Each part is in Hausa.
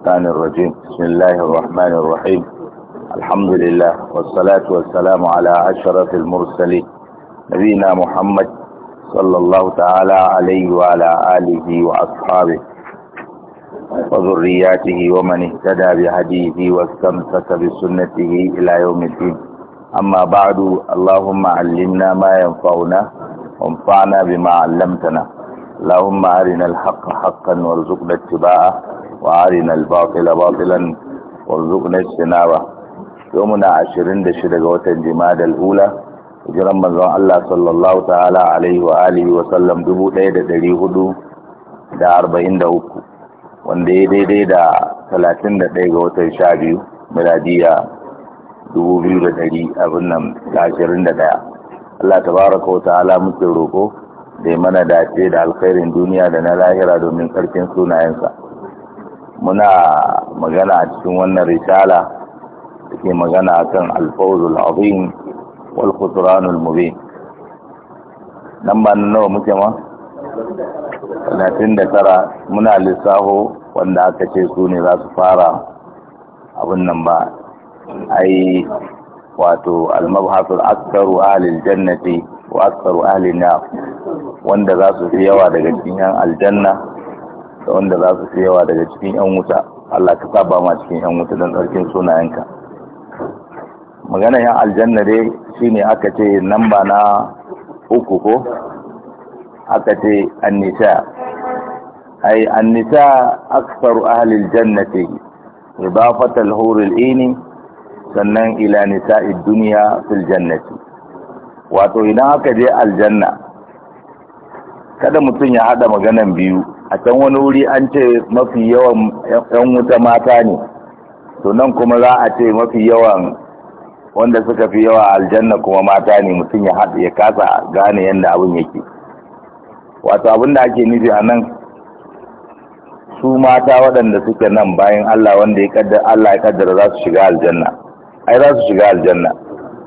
الشيطان الرجيم بسم الله الرحمن الرحيم الحمد لله والصلاة والسلام على أشرف المرسلين نبينا محمد صلى الله تعالى عليه وعلى آله وأصحابه وذرياته ومن اهتدى بهديه واستمسك بسنته إلى يوم الدين أما بعد اللهم علمنا ما ينفعنا وانفعنا بما علمتنا اللهم أرنا الحق حقا وارزقنا اتباعه وارنا الباطل باطلا وارزقنا اجتنابه يومنا عشرين دشد غوتا جماد الأولى hijiran manzon Allah sallallahu ta'ala alaihi wa alihi wa sallam uku, wanda ya daidai da talatin da ɗaya ga watan sha biyu miladiya ɗari abin nan ashirin da ɗaya. Allah tabaraka wa ta'ala muke roƙo da mana dace da alkhairin duniya da na lahira domin ƙarfin sunayensa muna magana a cikin wannan risala da ke magana kan alfawzul azim wal khusranul mubin nan ba nawa muke ma 39 muna lissaho wanda aka ce su ne za su fara abin nan ba ai wato almabhasul Askaru ahlil jannati wa aktsaru ahlin nar wanda za su fi yawa daga cikin aljanna da wanda za su yawa daga cikin yan wuta Allah ka saba ma cikin yan wuta don tsarkin sunayenka magana yan aljanna dai ne aka ce ba na uku ko aka ce annisa ai annisa aktsaru ahli aljannati idafat alhur alini sannan ila nisa'i dunya fil jannati wato idan aka je aljanna kada mutum ya hada maganan biyu a can wani wuri an ce mafi yawan yan wuta mata ne to nan kuma za a ce mafi yawan wanda suka fi yawa aljanna kuma mata ne mutum ya haɗu ya kasa gane yadda abin yake wato abin da ake nufi a nan su mata waɗanda suke nan bayan Allah wanda ya Allah ya kaddara za su shiga aljanna ai za su shiga aljanna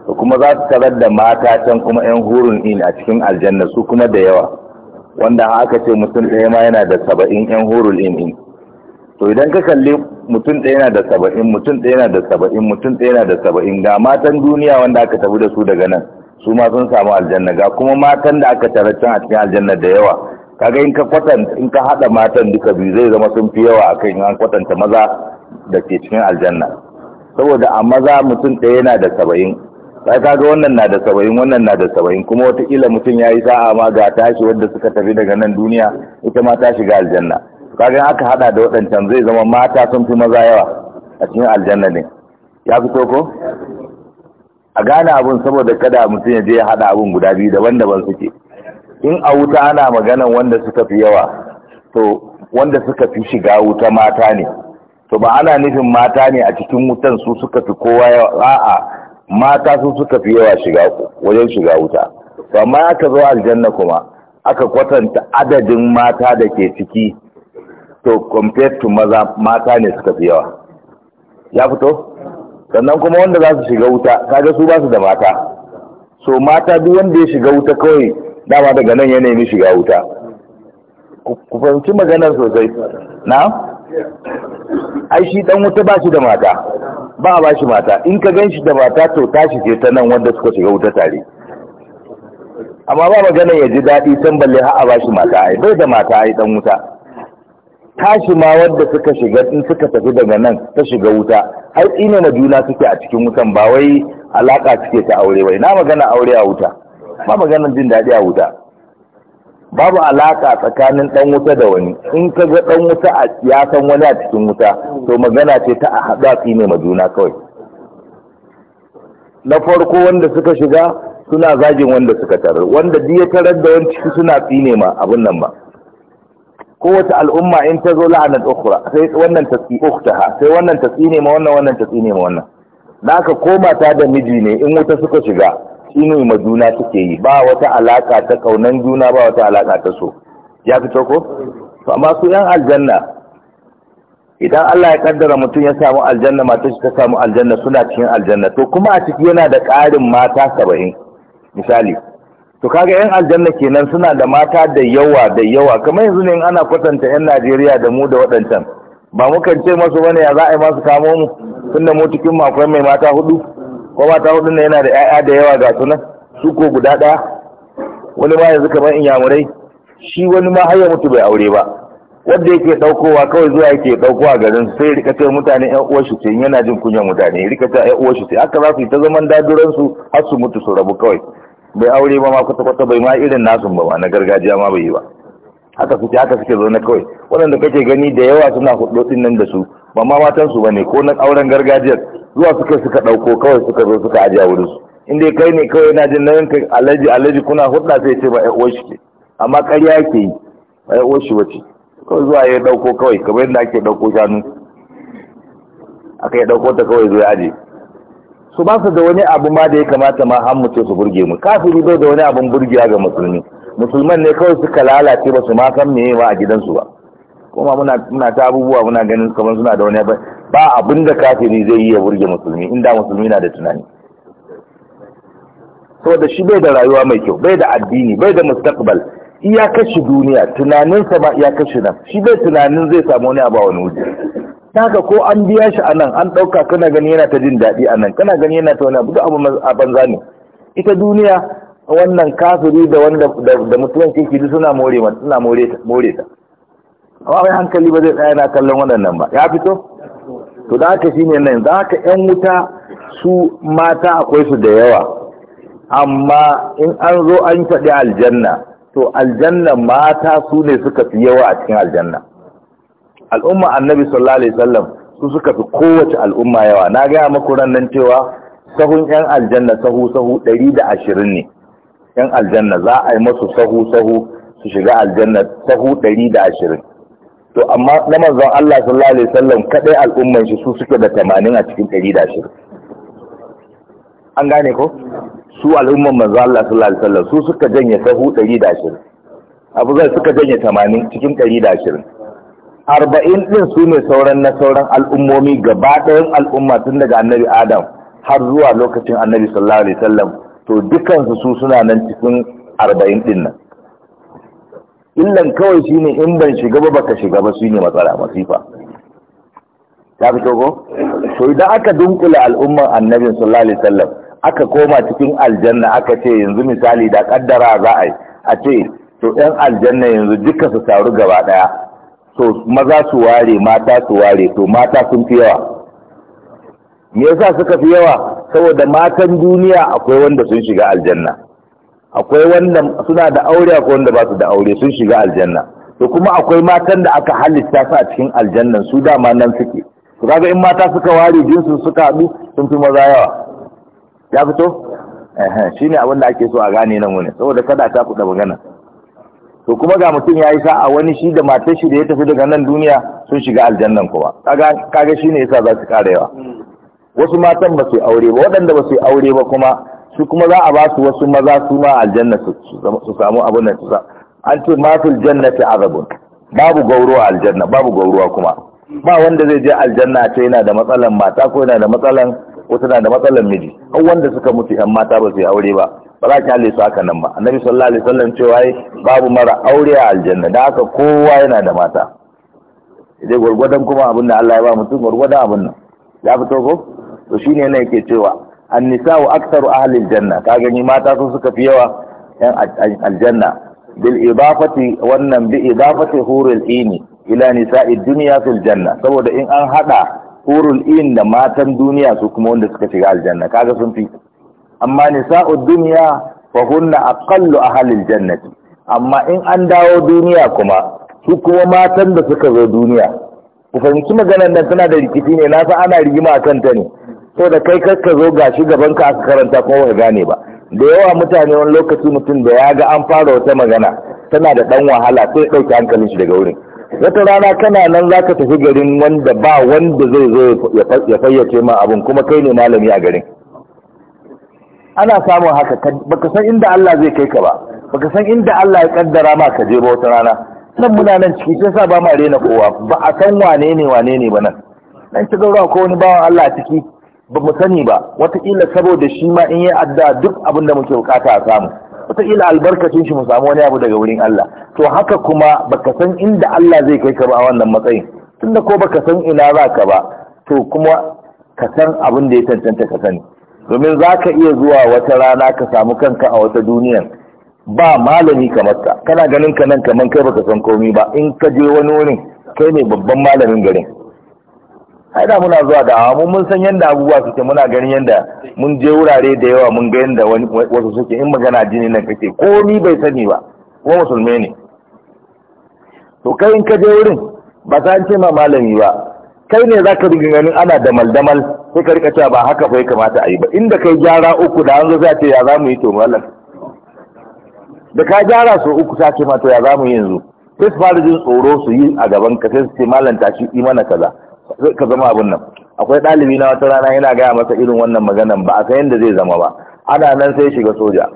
to kuma za su tarar da mata can kuma 'yan hurun in a cikin aljanna su kuma da yawa wanda aka ce mutum ɗaya ma yana da saba'in yan hurul in'in to idan ka kalli mutum ɗaya yana da saba'in mutum ɗaya yana da saba'in mutum ɗaya yana da saba'in ga matan duniya wanda aka tafi da su daga nan su ma sun samu aljanna ga kuma matan da aka tare can a cikin aljanna da yawa kaga in ka kwatanta in ka haɗa matan duka biyu zai zama sun fi yawa kai in an kwatanta maza da ke cikin aljanna saboda a maza mutum ɗaya yana da saba'in sai kaga wannan na da saba'in wannan na da saba'in kuma wataƙila mutum ya yi sa'a ma ga tashi wadda suka tafi daga nan duniya ita ma ta shiga aljanna kaga aka hada da waɗancan zai zama mata sun fi maza yawa a cikin aljanna ne ya fito ko a gane abun saboda kada mutum ya je ya hada abun guda biyu daban-daban suke in a wuta ana maganan wanda suka fi yawa to wanda suka fi shiga wuta mata ne to ba ana nufin mata ne a cikin wutan su suka fi kowa yawa a'a mata su suka fi yawa shiga wajen shiga wuta to amma aka zo aljanna kuma aka kwatanta adadin mata da ke ciki to compared to maza mata ne suka fi yawa ya fito sannan kuma wanda za su shiga wuta kaga su ba su da mata so mata duk wanda ya shiga wuta kawai dama daga nan ya nemi shiga wuta ku fahimci maganar sosai na ai shi dan wuta ba shi da mata ba a bashi mata in ka gan shi da mata to tashi ce ta nan wanda suka shiga wuta tare amma ba magana ya ji daɗi can balle har a bashi mata ai bai da mata ai dan wuta tashi ma wanda suka shiga in suka tafi daga nan ta shiga wuta har tsine na juna suke a cikin wutan ba wai alaka suke ta aure bai na magana aure a wuta ba maganar jin daɗi a wuta babu alaka tsakanin dan wuta da wani in ka ga dan wuta a ya san wani a cikin wuta to magana ce ta a a ne ma juna kawai na farko wanda suka shiga suna zagin wanda suka tarar wanda duk ya tarar da wani ciki suna tsine ma abin nan ba kowace al'umma in ta zo la'anar ukhra sai wannan ta tsi ukhtaha sai wannan ta tsine ma wannan wannan ta tsine ma wannan da aka koma ta da miji ne in wuta suka shiga Shi ne ma juna take yi ba wata alaka ta kaunan juna ba wata alaka ta so ya fito ko to amma su yan aljanna idan Allah ya kaddara mutum ya samu aljanna mata shi ta samu aljanna suna cikin aljanna to kuma a ciki yana da ƙarin mata saba'in misali to kaga yan aljanna kenan suna da mata da yawa da yawa kamar yanzu ne ana kwatanta yan Najeriya da mu da waɗancan ba mukan ce masu bane ya za a yi masu kamo mu tunda mu cikin akwai mai mata hudu ko mata hudu ne yana da 'ya'ya da yawa ga sunan su ko guda ɗaya wani ma yanzu kamar inyamurai shi wani ma har ya mutu bai aure ba wanda yake daukowa kawai zuwa yake daukowa a garin sai rika ce mutane ƴan uwar shi sai yana jin kunyar mutane rika ce ƴan uwar shi sai aka su yi ta zaman daduran su har su mutu su rabu kawai bai aure ba ma kwata kwata bai ma irin nasu ba na gargajiya ma bai yi ba haka suke haka suke zaune kawai da kake gani da yawa suna hudu nan da su ba ma matan su bane ko na auren gargajiyar zuwa suka suka ɗauko kawai suka zo suka ajiya wurin su in dai kai ne kawai na jin nauyin kai alaji alaji kuna hudda sai ce ba ya uwar shi amma ƙarya yake yi ba ya uwar shi wace kawai zuwa ya ɗauko kawai kamar yadda ake ɗauko shanu aka yi ɗauko ta kawai zo ya aje su ba su da wani abu ma da ya kamata ma hannu ce su burge mu kafiri bai da wani abun burgewa ga musulmi musulman ne kawai suka lalace ba su ma san me ma a gidansu ba kuma muna muna ta abubuwa muna ganin kamar suna da wani ba abin da kafiri zai yi ya burge musulmi inda musulmi na da tunani saboda shi bai da rayuwa mai kyau bai da addini bai da mustaqbal iya kashi duniya tunaninsa ba iya kashi nan shi bai tunanin zai samu wani abu a wani wuri haka ko an biya shi anan an ɗauka kana gani yana ta jin daɗi anan kana gani yana ta wani abu abu a banza ne ita duniya wannan kafiri da wanda da musulunci ke suna suna more ta amma mai hankali ba zai tsaya na kallon waɗannan ba ya fito to da haka shine nan za ka yan wuta su mata akwai su da yawa amma in an zo an faɗi aljanna to aljanna mata su ne suka fi yawa a cikin aljanna al'umma annabi sallallahu alaihi wasallam su suka fi kowace al'umma yawa na gaya maku ran cewa sahun yan aljanna sahu sahu ɗari da ashirin ne yan aljanna za a yi masu sahu sahu su shiga aljanna sahu ɗari da ashirin to amma na manzon Allah sallallahu alaihi wasallam kadai al'umman shi su suke da 80 a cikin 120 an gane ko su al'umman manzon Allah sallallahu alaihi wasallam su suka janye sahu 120 Abu zai suka janye 80 cikin 120 arba'in ɗin su ne sauran na sauran al'ummomi gaba ɗayan al'umma tun daga annabi adam har zuwa lokacin annabi sallallahu alaihi wasallam to dukansu su suna nan cikin arba'in ɗin nan illan kawai shine in ban shiga ba baka shiga ba ne matsala masifa ta fi ko to idan aka dunkula al'umman annabi sallallahu alaihi sallam aka koma cikin aljanna aka ce yanzu misali da kaddara za a yi a ce to ɗan aljanna yanzu duka su taru gaba ɗaya to maza su ware mata su ware to mata sun fi yawa me yasa suka fi yawa saboda matan duniya akwai wanda sun shiga aljanna akwai wanda suna da aure akwai wanda ba su da aure sun shiga aljanna to kuma akwai matan da aka halitta su a cikin aljannan su dama nan suke to kaga in mata suka ware jinsu suka haɗu sun fi maza yawa ya fito eh shine abin da ake so a gane nan wani saboda kada ta fuda magana to kuma ga mutum ya yi sa'a wani shi da matar shi da ya tafi daga nan duniya sun shiga aljannan kuma kaga kaga shine yasa za su ƙara yawa hmm. wasu matan ba su aure ba waɗanda ba su aure ba kuma su kuma za a ba su wasu maza su ma aljanna su samu abin nan an ce mafil jannati azabun babu gauruwa aljanna babu gauruwa kuma ba wanda zai je aljanna a ce yana da matsalan mata ko yana da matsalan wata na da matsalan miji an wanda suka mutu yan mata ba su yi aure ba ba za ki halle su haka nan ba annabi sallallahu alaihi wasallam wai babu mara aure a aljanna da haka kowa yana da mata idan gwargwadon kuma abin da Allah ya ba mutum gwargwadon abin nan ya fito ko to shine ne yake cewa wa aktsaru ahli janna, ka gani mata su suka fi yawa yan aljanna bil idafati wannan bi idafati hurul ini ila nisa'i dunya fil janna saboda in an hada hurul in da matan duniya su kuma wanda suka shiga aljanna kaga sun fi amma nisa'u dunya fa hunna aqallu ahli aljannati amma in an dawo duniya kuma su kuma matan da suka zo duniya ku fahimci maganar nan tana da rikici ne na san ana rigima a ta ne so da kai kakka zo gashi gaban ka aka karanta kuma ba gane ba da yawa mutane wani lokaci mutum da ya ga an fara wata magana tana da ɗan wahala sai ɗauki hankalin shi daga wurin wata rana kana nan za ka tafi garin wanda ba wanda zai zo ya fayyace ma abun kuma kai ne malami a garin ana samun haka baka san inda Allah zai kai ka ba baka san inda Allah ya kaddara ma ka je ba wata rana nan muna nan ciki sai sa ba ma rena kowa ba a san wane ne wane ne ba nan nan ci gaurawa ko wani bawan Allah ciki ba mu sani ba wataƙila saboda shi ma in yi adda duk abin da muke bukata a samu wataƙila albarkacin shi mu samu wani abu daga wurin Allah to haka kuma baka san inda Allah zai kai ka ba a wannan matsayin tunda ko baka san ina za ka ba to kuma ka san abin da ya cancanta ka sani domin za ka iya zuwa wata rana ka samu kanka a wata duniya ba malami kamar ka kana ganin ka nan kamar kai baka san komai ba in ka je wani wurin kai ne babban malamin garin ai da muna zuwa da mun mun san yanda abubuwa suke muna ganin yanda mun je wurare da yawa mun ga yanda wasu suke in magana jini nan kake ko ni bai sani ba ko musulmi ne to kai in ka je wurin ba sa ce ma malami ba kai ne zaka riga ganin ana da damal sai ka rika cewa ba haka fa kamata a yi ba inda kai gyara uku da an zo za ce ya za mu yi to malam da ka gyara su uku sa ce ma to ya za mu yi yanzu sai su fara jin tsoro su yi a gaban ka sai su ce mallam shi imana kaza ka zama abin nan akwai ɗalibi na wata rana yana gaya masa irin wannan maganan ba a san yadda zai zama ba ana nan sai shiga soja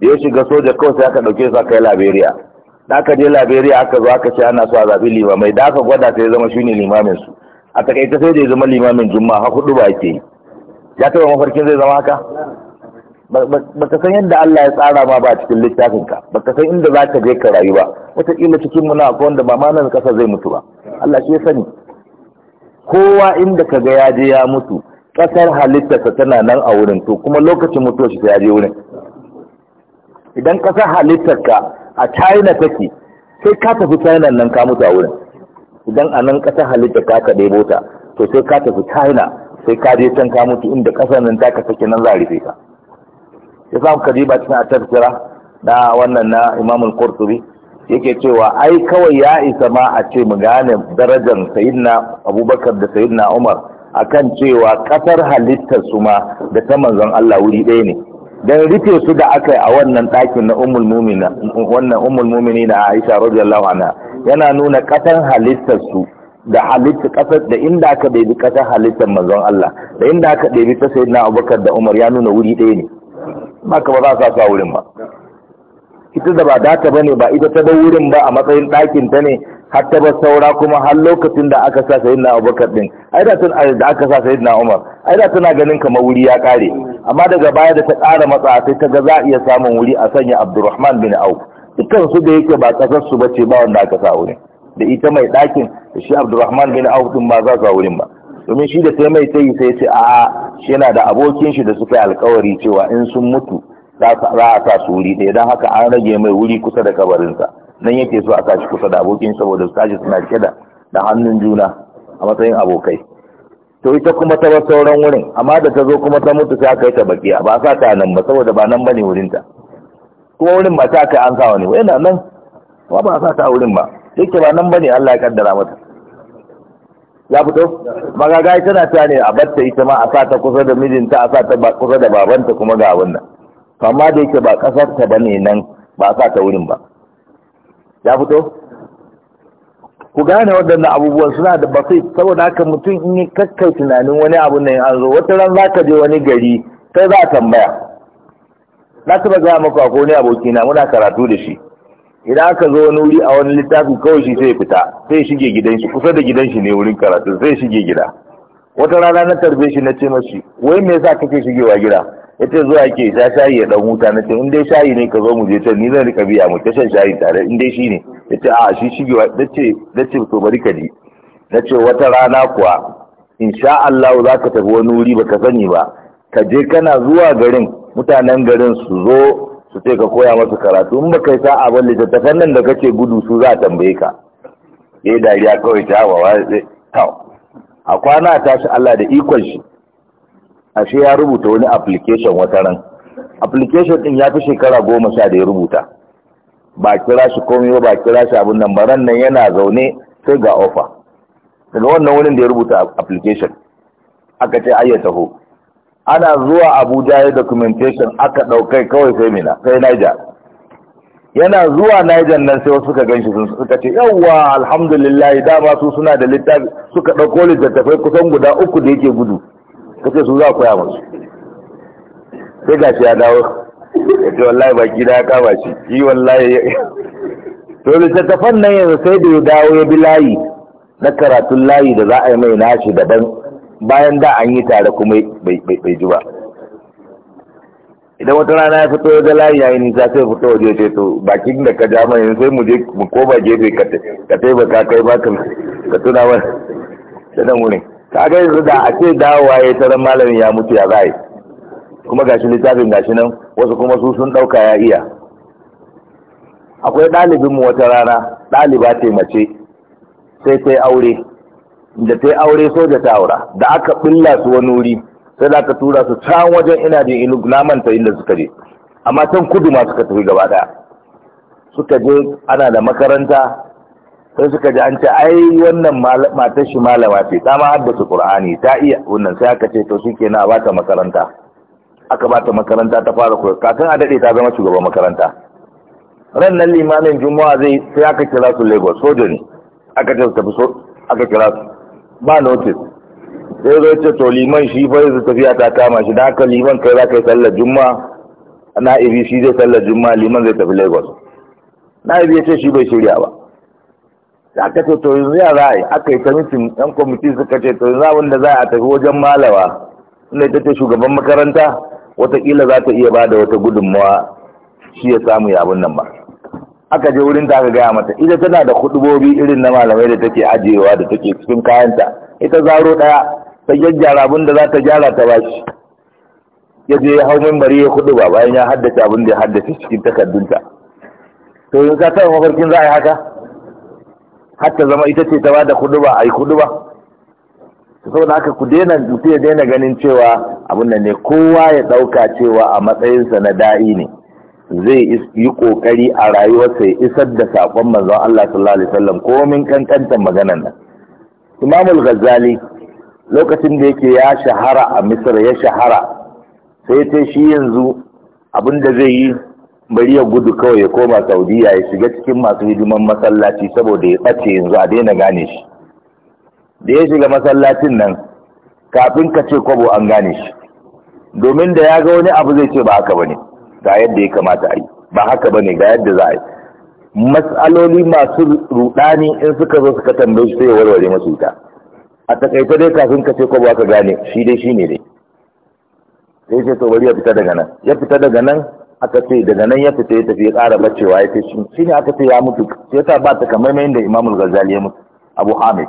ya shiga soja kawai sai aka ɗauke su aka yi laberiya da aka je laberiya aka zo aka ce ana so a zaɓi limamai da aka gwada sai ya zama shine limamin su a takaita sai da ya zama limamin juma ha hudu ba ake yi ya taɓa mafarkin zai zama haka Ba ka san yadda Allah ya tsara ma ba cikin littafin ka baka san inda za ka je ka rayu ba wataƙila cikin muna akwai wanda ba ma nan kasa zai mutu ba Allah shi ya sani kowa inda ka ga yaje ya mutu ƙasar halittarsa tana nan a wurin to kuma lokacin mutuwar shi ya je wurin idan ƙasar halittarka a china take sai ka tafi china nan ka mutu a wurin idan a nan ƙasar halittar ka ka ɗebo ta to sai ka tafi china sai ka je can ka mutu inda kasar nan ta ka sake nan za a rufe ka ya samu ka ba cikin a tafsira na wannan na imamul qurtubi yake cewa ai kawai ya isa ma a ce mu gane darajar sayidina abubakar da sayidina umar akan cewa kasar halittar su ma da ta manzon Allah wuri ɗaya ne dan rufe su da aka yi a wannan ɗakin na ummul wannan ummul mu'mini na Aisha radiyallahu anha yana nuna kasar halittar su da halitta kasar da inda aka ɗebi kasar halittar manzon Allah da inda aka ɗebi ta sayyidina Abubakar da Umar ya nuna wuri ɗaya ne ba ka ba za su sa wurin ba ita da ba data bane ba ita ta bar wurin ba a matsayin ɗakin ta ne har ta saura kuma har lokacin da aka sa sayyidina Abubakar din ai da tun da aka sa na Umar ai da tana ganin kamar wuri ya kare amma daga baya da ta ƙara matsa sai ta ga za a iya samun wuri a sanya Abdurrahman bin Auf dukkan su da yake ba kasar su bace ba wanda aka sa wurin da ita mai ɗakin da shi Abdurrahman bin Auf ɗin ba za sa wurin ba domin shi da ta mai tayi sai ce a'a shi yana da abokin shi da suka yi alkawari cewa in sun mutu za a sa su wuri ɗaya don haka an rage mai wuri kusa da kabarinsa nan yake so a sa shi kusa da abokin saboda su tashi suna cike da da hannun juna a matsayin abokai to ita kuma ta bar sauran wurin amma da ta zo kuma ta mutu sai aka yi ta baki ba sa ta nan ba saboda ba nan bane wurinta kuma wurin ba ta kai an sa wani yana nan ba ba sa ta wurin ba yake ba nan bane Allah ya kaddara mata ya fito magagai tana ta ne a batta ita ma a sa ta kusa da mijinta a sa ta kusa da babanta kuma ga wannan amma da yake ba ƙasar ta bane nan ba sa ta wurin ba ya fito ku gane waɗannan abubuwan suna da basai saboda haka mutum in yi kakkai tunanin wani abu nan an zo wata ran za ka je wani gari sai za a tambaya na taɓa gaya maka akwai wani abokina muna karatu da shi idan aka zo wani wuri a wani littafi kawai shi sai fita sai shige gidan shi kusa da gidan shi ne wurin karatu sai shige gida wata rana na tarbe shi na ce mashi wai me yasa kake shigewa gida ya zuwa ke sha shayi ya dan huta na ce in dai shayi ne ka zo mu je can ni zan rika biya mu ta shan shayi tare in dai shi ne ya ce a shi shigewa na ce na ce to bari ka ji na ce wata rana kuwa insha Allah za ka tafi wani wuri baka sani ba ka je kana zuwa garin mutanen garin su zo su ce ka koya masu karatu in baka yi sa'a ba littattafan nan da kake gudu su za a tambaye ka eh dariya kawai ta hawa wa a kwana tashi Allah da ikon shi ashe ya rubuta wani application wata ran application din ya fi shekara goma sha da ya rubuta ba kira shi komai ba ba kira shi abin nan baran nan yana zaune sai ga offer daga wannan wurin da ya rubuta application aka ce ayya taho ana zuwa abuja ya documentation aka ɗaukai kawai sai mina sai niger yana zuwa niger nan sai wasu suka gan shi suka ce yawwa alhamdulillah dama su suna da littafi suka ɗauko littattafai kusan guda uku da yake gudu kace su za koya musu sai gashi ya dawo ya ce wallahi baki gida ya kama shi yi wallahi to littattafan nan yanzu sai da ya dawo ya bi layi na karatun layi da za a yi mai nashi daban bayan da an yi tare kuma bai ji ba idan wata rana ya fito da layi ya yi nisa sai fito waje ce to bakin da ka ja mai yanzu sai mu je mu koma gefe ka ka kai ba ka tuna mana da nan kaga yanzu da a ce dawowa ya taron malamin ya mutu ya zai kuma gashi littafin gashi nan wasu kuma su sun dauka ya iya akwai ɗalibinmu wata rana ɗaliba ce mace sai ta aure da ta aure soja ta aura da aka ɓilla su wani wuri sai da aka tura su can wajen ina jin ilu namanta inda suka je amma can kudu ma suka tafi gaba ɗaya suka je ana da makaranta sai suka ji an ce ai wannan matar shi malama ce ta ma haddasa qur'ani ta iya wannan sai aka ce to shikenan a bata makaranta aka bata makaranta ta fara koyo kafin a dade ta zama shugaban makaranta ran nan limamin juma'a zai sai aka kira su Lagos sojo ne aka ce su tafi so aka kira su ba notice sai zai ce to liman shi fa zai tafiya ta kama shi dan haka liman kai za ka yi sallar juma'a na ibi shi zai sallar juma'a liman zai tafi Lagos na ibi ya ce shi bai shirya ba da aka ce to yanzu ya za a yi aka yi kamitin yan kwamiti suka ce to yanzu abin da za a tafi wajen malawa inda ita ce shugaban makaranta watakila za ta iya bada wata gudunmawa shi ya samu ya abin nan ba aka je wurin ta ka gaya mata ita tana da kudubobi irin na malamai da take ajiyewa da take cikin kayanta ita zaro daya ta gyaggyara abin da za ta gyara ta bashi ya je ya hau mimbari ya hudu ba bayan ya haddace abin da ya haddace cikin takardunta to yanzu ka taɓa mafarkin za a yi haka har zama ita ce ta bada kuduba ai kuduba saboda haka ku daina mutum ya daina ganin cewa abin da ne kowa ya dauka cewa a matsayinsa na da'i ne zai yi kokari a rayuwarsa ya isar da saƙon manzon Allah sallallahu alaihi wasallam komin kankantar maganar nan Imam al-Ghazali lokacin da yake ya shahara a misra ya shahara sai ta shi yanzu abin da zai yi bari ya gudu kawai ya koma saudiya ya shiga cikin masu hidiman masallaci saboda ya ɓace yanzu a daina gane shi da ya shiga masallacin nan kafin ka ce kwabo an gane shi domin da ya ga wani abu zai ce ba haka ba ne ga yadda ya kamata a yi ba haka ba ne ga yadda za a yi matsaloli masu rudani in suka zo suka tambaye shi sai ya warware masu ita a takaice dai kafin ka ce kwabo aka gane shi dai shi ne dai sai ce to bari ya fita daga nan ya fita daga nan aka ce daga nan ya fita ya tafi ya ƙara bacewa ya ce shi ne aka ce ya mutu sai ta ba ta mai da imamul gazali ya mutu abu hamid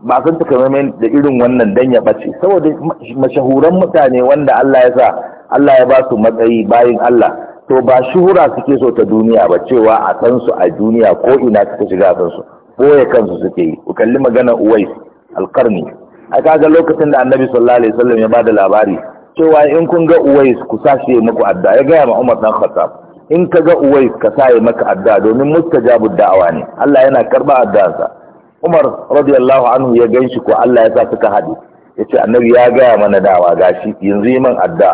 ba sun ta mai da irin wannan dan ya bace saboda mashahuran mutane wanda Allah ya sa Allah ya ba su matsayi bayin Allah to ba shuhura suke so ta duniya ba cewa a san su a duniya ko ina suka shiga a san su ya kansu suke yi ku kalli magana uwais alqarni a kaga lokacin da annabi sallallahu alaihi wasallam ya bada labari cewa in kun ga uwais ku sa ya muku adda ya gaya ma umar dan khattab in ka ga uwais ka sa yi maka adda domin mustajabu da'awa ne Allah yana karba addansa umar radiyallahu anhu ya ganshi ko Allah ya sa suka Ya ce annabi ya gaya mana dawa gashi yanzu yi man adda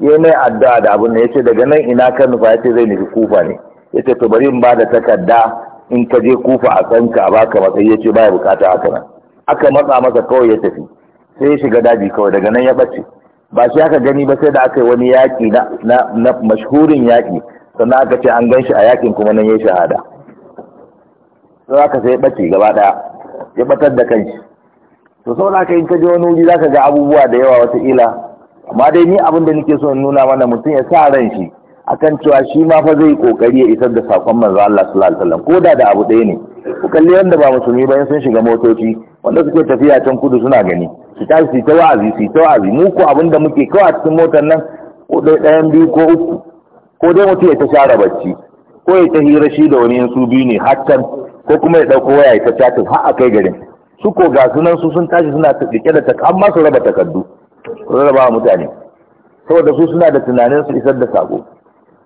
yi mai adda da abun ne yace daga nan ina kan nufa ce zai nufi kufa ne yace to bari in ba da takarda in ka je kufa a kanka ka baka matsayi yace baya bukata haka nan aka matsa masa kawai ya tafi sai ya shiga daji kawai daga nan ya bace ba shi aka gani ba sai da aka yi wani yaƙi na mashhurin yaƙi sannan aka ce an gan shi a yaƙin kuma nan ya shahada sai aka sai ɓace gaba ɗaya ya ɓatar da kanshi to sau da aka yi kaji wani wuri zaka ga abubuwa da yawa ila? amma dai ni abin da nake so nuna mana mutum ya sa ran shi akan cewa shi ma fa zai kokari ya isar da sakon manzo Allah sallallahu alaihi wasallam koda da abu ɗaya ne ku kalli wanda ba musulmi ba sun shiga motoci wanda suke tafiya can kudu suna gani su tashi su ta wa'azi su ta wa'azi mu ko abin da muke kawai cikin motar nan ko ɗayan biyu ko uku ko dai mutum ya ta share bacci ko ya ta hira shi da wani su biyu ne haccan ko kuma ya ɗauko waya ya ta chatin har a kai garin su ko ga sunan su sun tashi suna rike da takardu amma su raba takardu su raba mutane saboda su suna da tunanin su isar da sako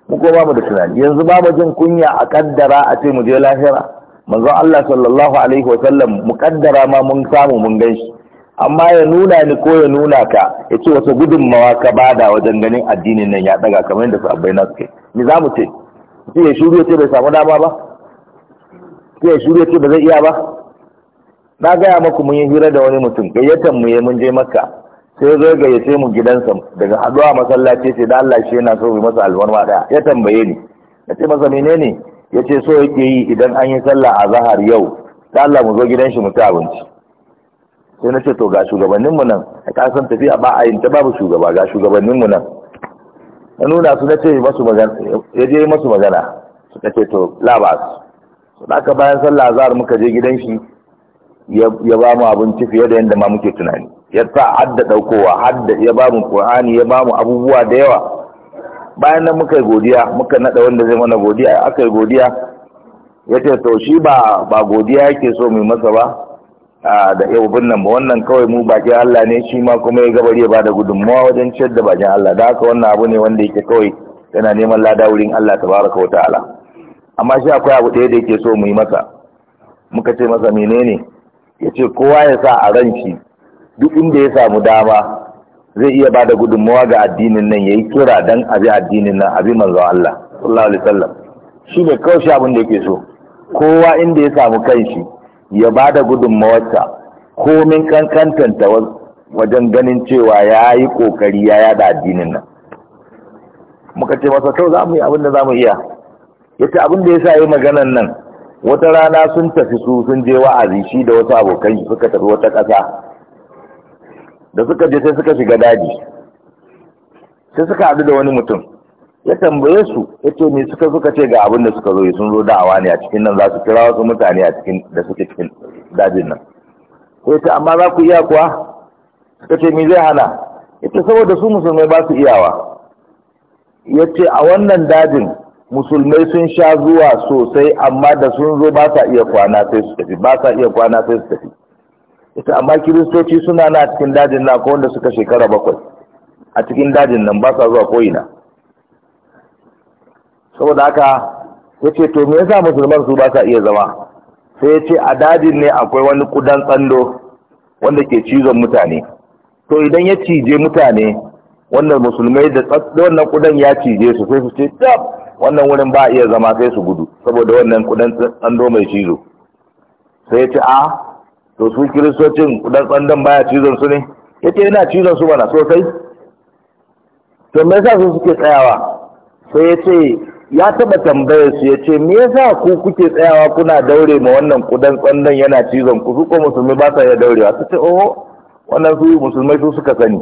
mu ko bamu da tunani yanzu babu jin kunya a kaddara a ce mu je lahira manzon Allah sallallahu alaihi wa sallam mu kaddara ma mun samu mun ganshi amma ya nuna ni ko ya nuna ka ya ce wata gudunmawa ka bada wajen ganin addinin nan ya daga kamar yadda sabbai na suke ni za mu ce shi ya shuru ya ce bai samu dama ba shi ya shuru ya ce ba zai iya ba na gaya maku mun yi hira da wani mutum gayyatan mu ya mun je maka sai zo gayyace mu gidansa daga haduwa masallaci sai da Allah shi yana so mu masa alwarma daya ya tambaye ni ya ce masa menene ya ce so yake yi idan an yi sallah a zahar yau da Allah mu zo gidan shi mu ci abinci sai na ce to ga mu nan a kasan tafiya ba a yin ta babu shugaba ga shugabannin mu nan na nuna su na ce masu magana ya je masu magana ka ce to labas su aka bayan sallah zahar muka je gidan shi ya ba mu abinci fiye da yadda ma muke tunani ya ta hadda daukowa hadda ya ba mu qur'ani ya ba mu abubuwa da yawa bayan nan muka yi godiya muka naɗa wanda zai mana godiya aka yi godiya ya ce to shi ba ba godiya yake so mai masa ba da yau nan ba wannan kawai mu bakin Allah ne shi ma kuma ya gabar ya bada gudunmuwa wajen ciyar da bakin Allah da haka wannan abu ne wanda yake kawai yana neman lada wurin Allah ta baraka wa ta'ala amma shi akwai abu ɗaya da yake so mu yi masa muka ce masa menene ya ce kowa ya sa a ran shi duk inda ya samu dama zai iya bada gudunmuwa ga addinin nan ya yi kira dan abi addinin nan abi manzon Allah sallallahu alaihi wasallam shi ne kawai shi abin da yake so kowa inda ya samu kanshi ya ba da gudunmawarsa komin kankantanta wajen ganin cewa ya yi ƙoƙari ya yada addinin nan muka ce masa kyau za mu yi abin da za mu iya ya ce abin da ya sa yi maganan nan wata rana sun tafi su sun je wa'azi shi da wasu abokan suka tafi wata ƙasa da suka je sai suka shiga daji sai suka haɗu da wani mutum ya tambaye su ya ce me suka suka ce ga abin da suka zo sun zo da'awa ne a cikin nan za su kira wasu mutane a cikin da suke cikin dajin nan sai ta amma za ku iya kuwa suka ce me zai hana ya ce saboda su musulmai ba su iyawa ya ce a wannan dajin musulmai sun sha zuwa sosai amma da sun zo ba sa iya kwana sai su tafi ba sa iya kwana sai su tafi ita amma kiristoci suna na cikin dajin na ko wanda suka shekara bakwai a cikin dajin nan ba sa zuwa ko'ina saboda haka yace to me yasa musulman su ba sa iya zama sai ce a dajin ne akwai wani kudan tsando wanda ke cizon mutane to idan ya cije mutane wannan musulmai da wannan kudan ya cije su sai su ce tab wannan wurin ba iya zama sai su gudu saboda wannan kudan tsando mai cizo sai ya ce a to su kiristocin kudan tsandon baya cizon su ne ya ce yana cizon su bana sosai to me yasa su suke tsayawa sai ya ce. ya taba tambayar su ya ce me yasa ku kuke tsayawa kuna daure ma wannan kudan tsandan yana cizon ku su ko musulmi ba sa ya daurewa su ce oho wannan su musulmai su suka sani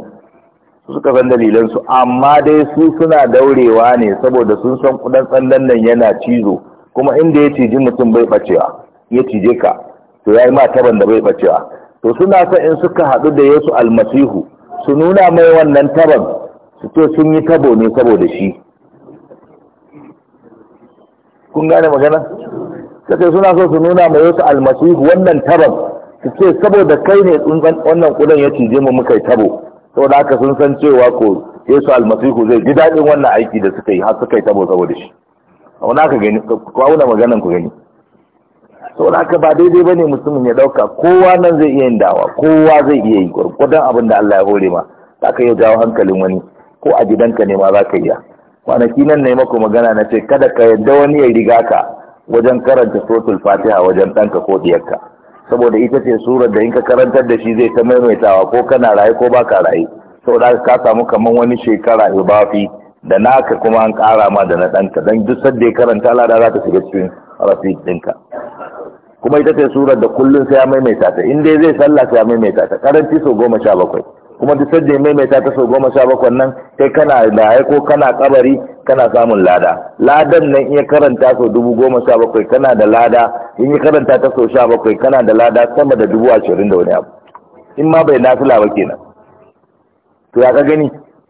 su suka san dalilan su amma dai su suna daurewa ne saboda sun san kudan tsandan nan yana cizo kuma inda ya ciji mutum bai bacewa ya cije ka to yayi ma taban da bai bacewa to suna sa in suka haɗu da Yesu almasihu su nuna mai wannan taban su ce sun yi tabo ne saboda shi kun gane magana sai suna so su nuna mai wasu almasihu wannan tabon su ce saboda kai ne tsuntsan wannan kudan ya cije mu muka yi tabo saboda haka sun san cewa ko yesu almasihu zai ji daɗin wannan aiki da suka yi har suka yi tabo saboda shi wani aka gani kwauna maganan ku gani saboda haka ba daidai ba ne musulmin ya ɗauka kowa nan zai iya yin dawa kowa zai iya yi gurgudan abin da allah ya hore ma za ka ya jawo hankalin wani ko a gidanka ne ma za ka iya kwanaki nan ne maku magana na ce kada ka yadda wani ya riga ka wajen karanta sotul fatiha wajen ɗanka ko diyarka saboda ita ce surar da in ka karantar da shi zai ta maimaitawa ko kana raye ko baka raye saboda ka samu kaman wani shekara ibafi da naka kuma an ƙara ma da na ɗanka don duk sadda ya karanta lada za shiga cikin rafi ɗinka kuma ita ce surar da kullum sai ya maimaita ta in dai zai sallah sai ya maimaita ta karanci sau goma sha bakwai kuma duk sadda maimaita ta sau goma sha bakwai nan sai kana da ko kana kabari kana samun lada ladan nan iya karanta sau dubu goma sha bakwai kana da lada in yi karanta ta sau sha bakwai kana da lada sama da dubu ashirin da wani abu in ma bai nafila ba kenan to ya ka gani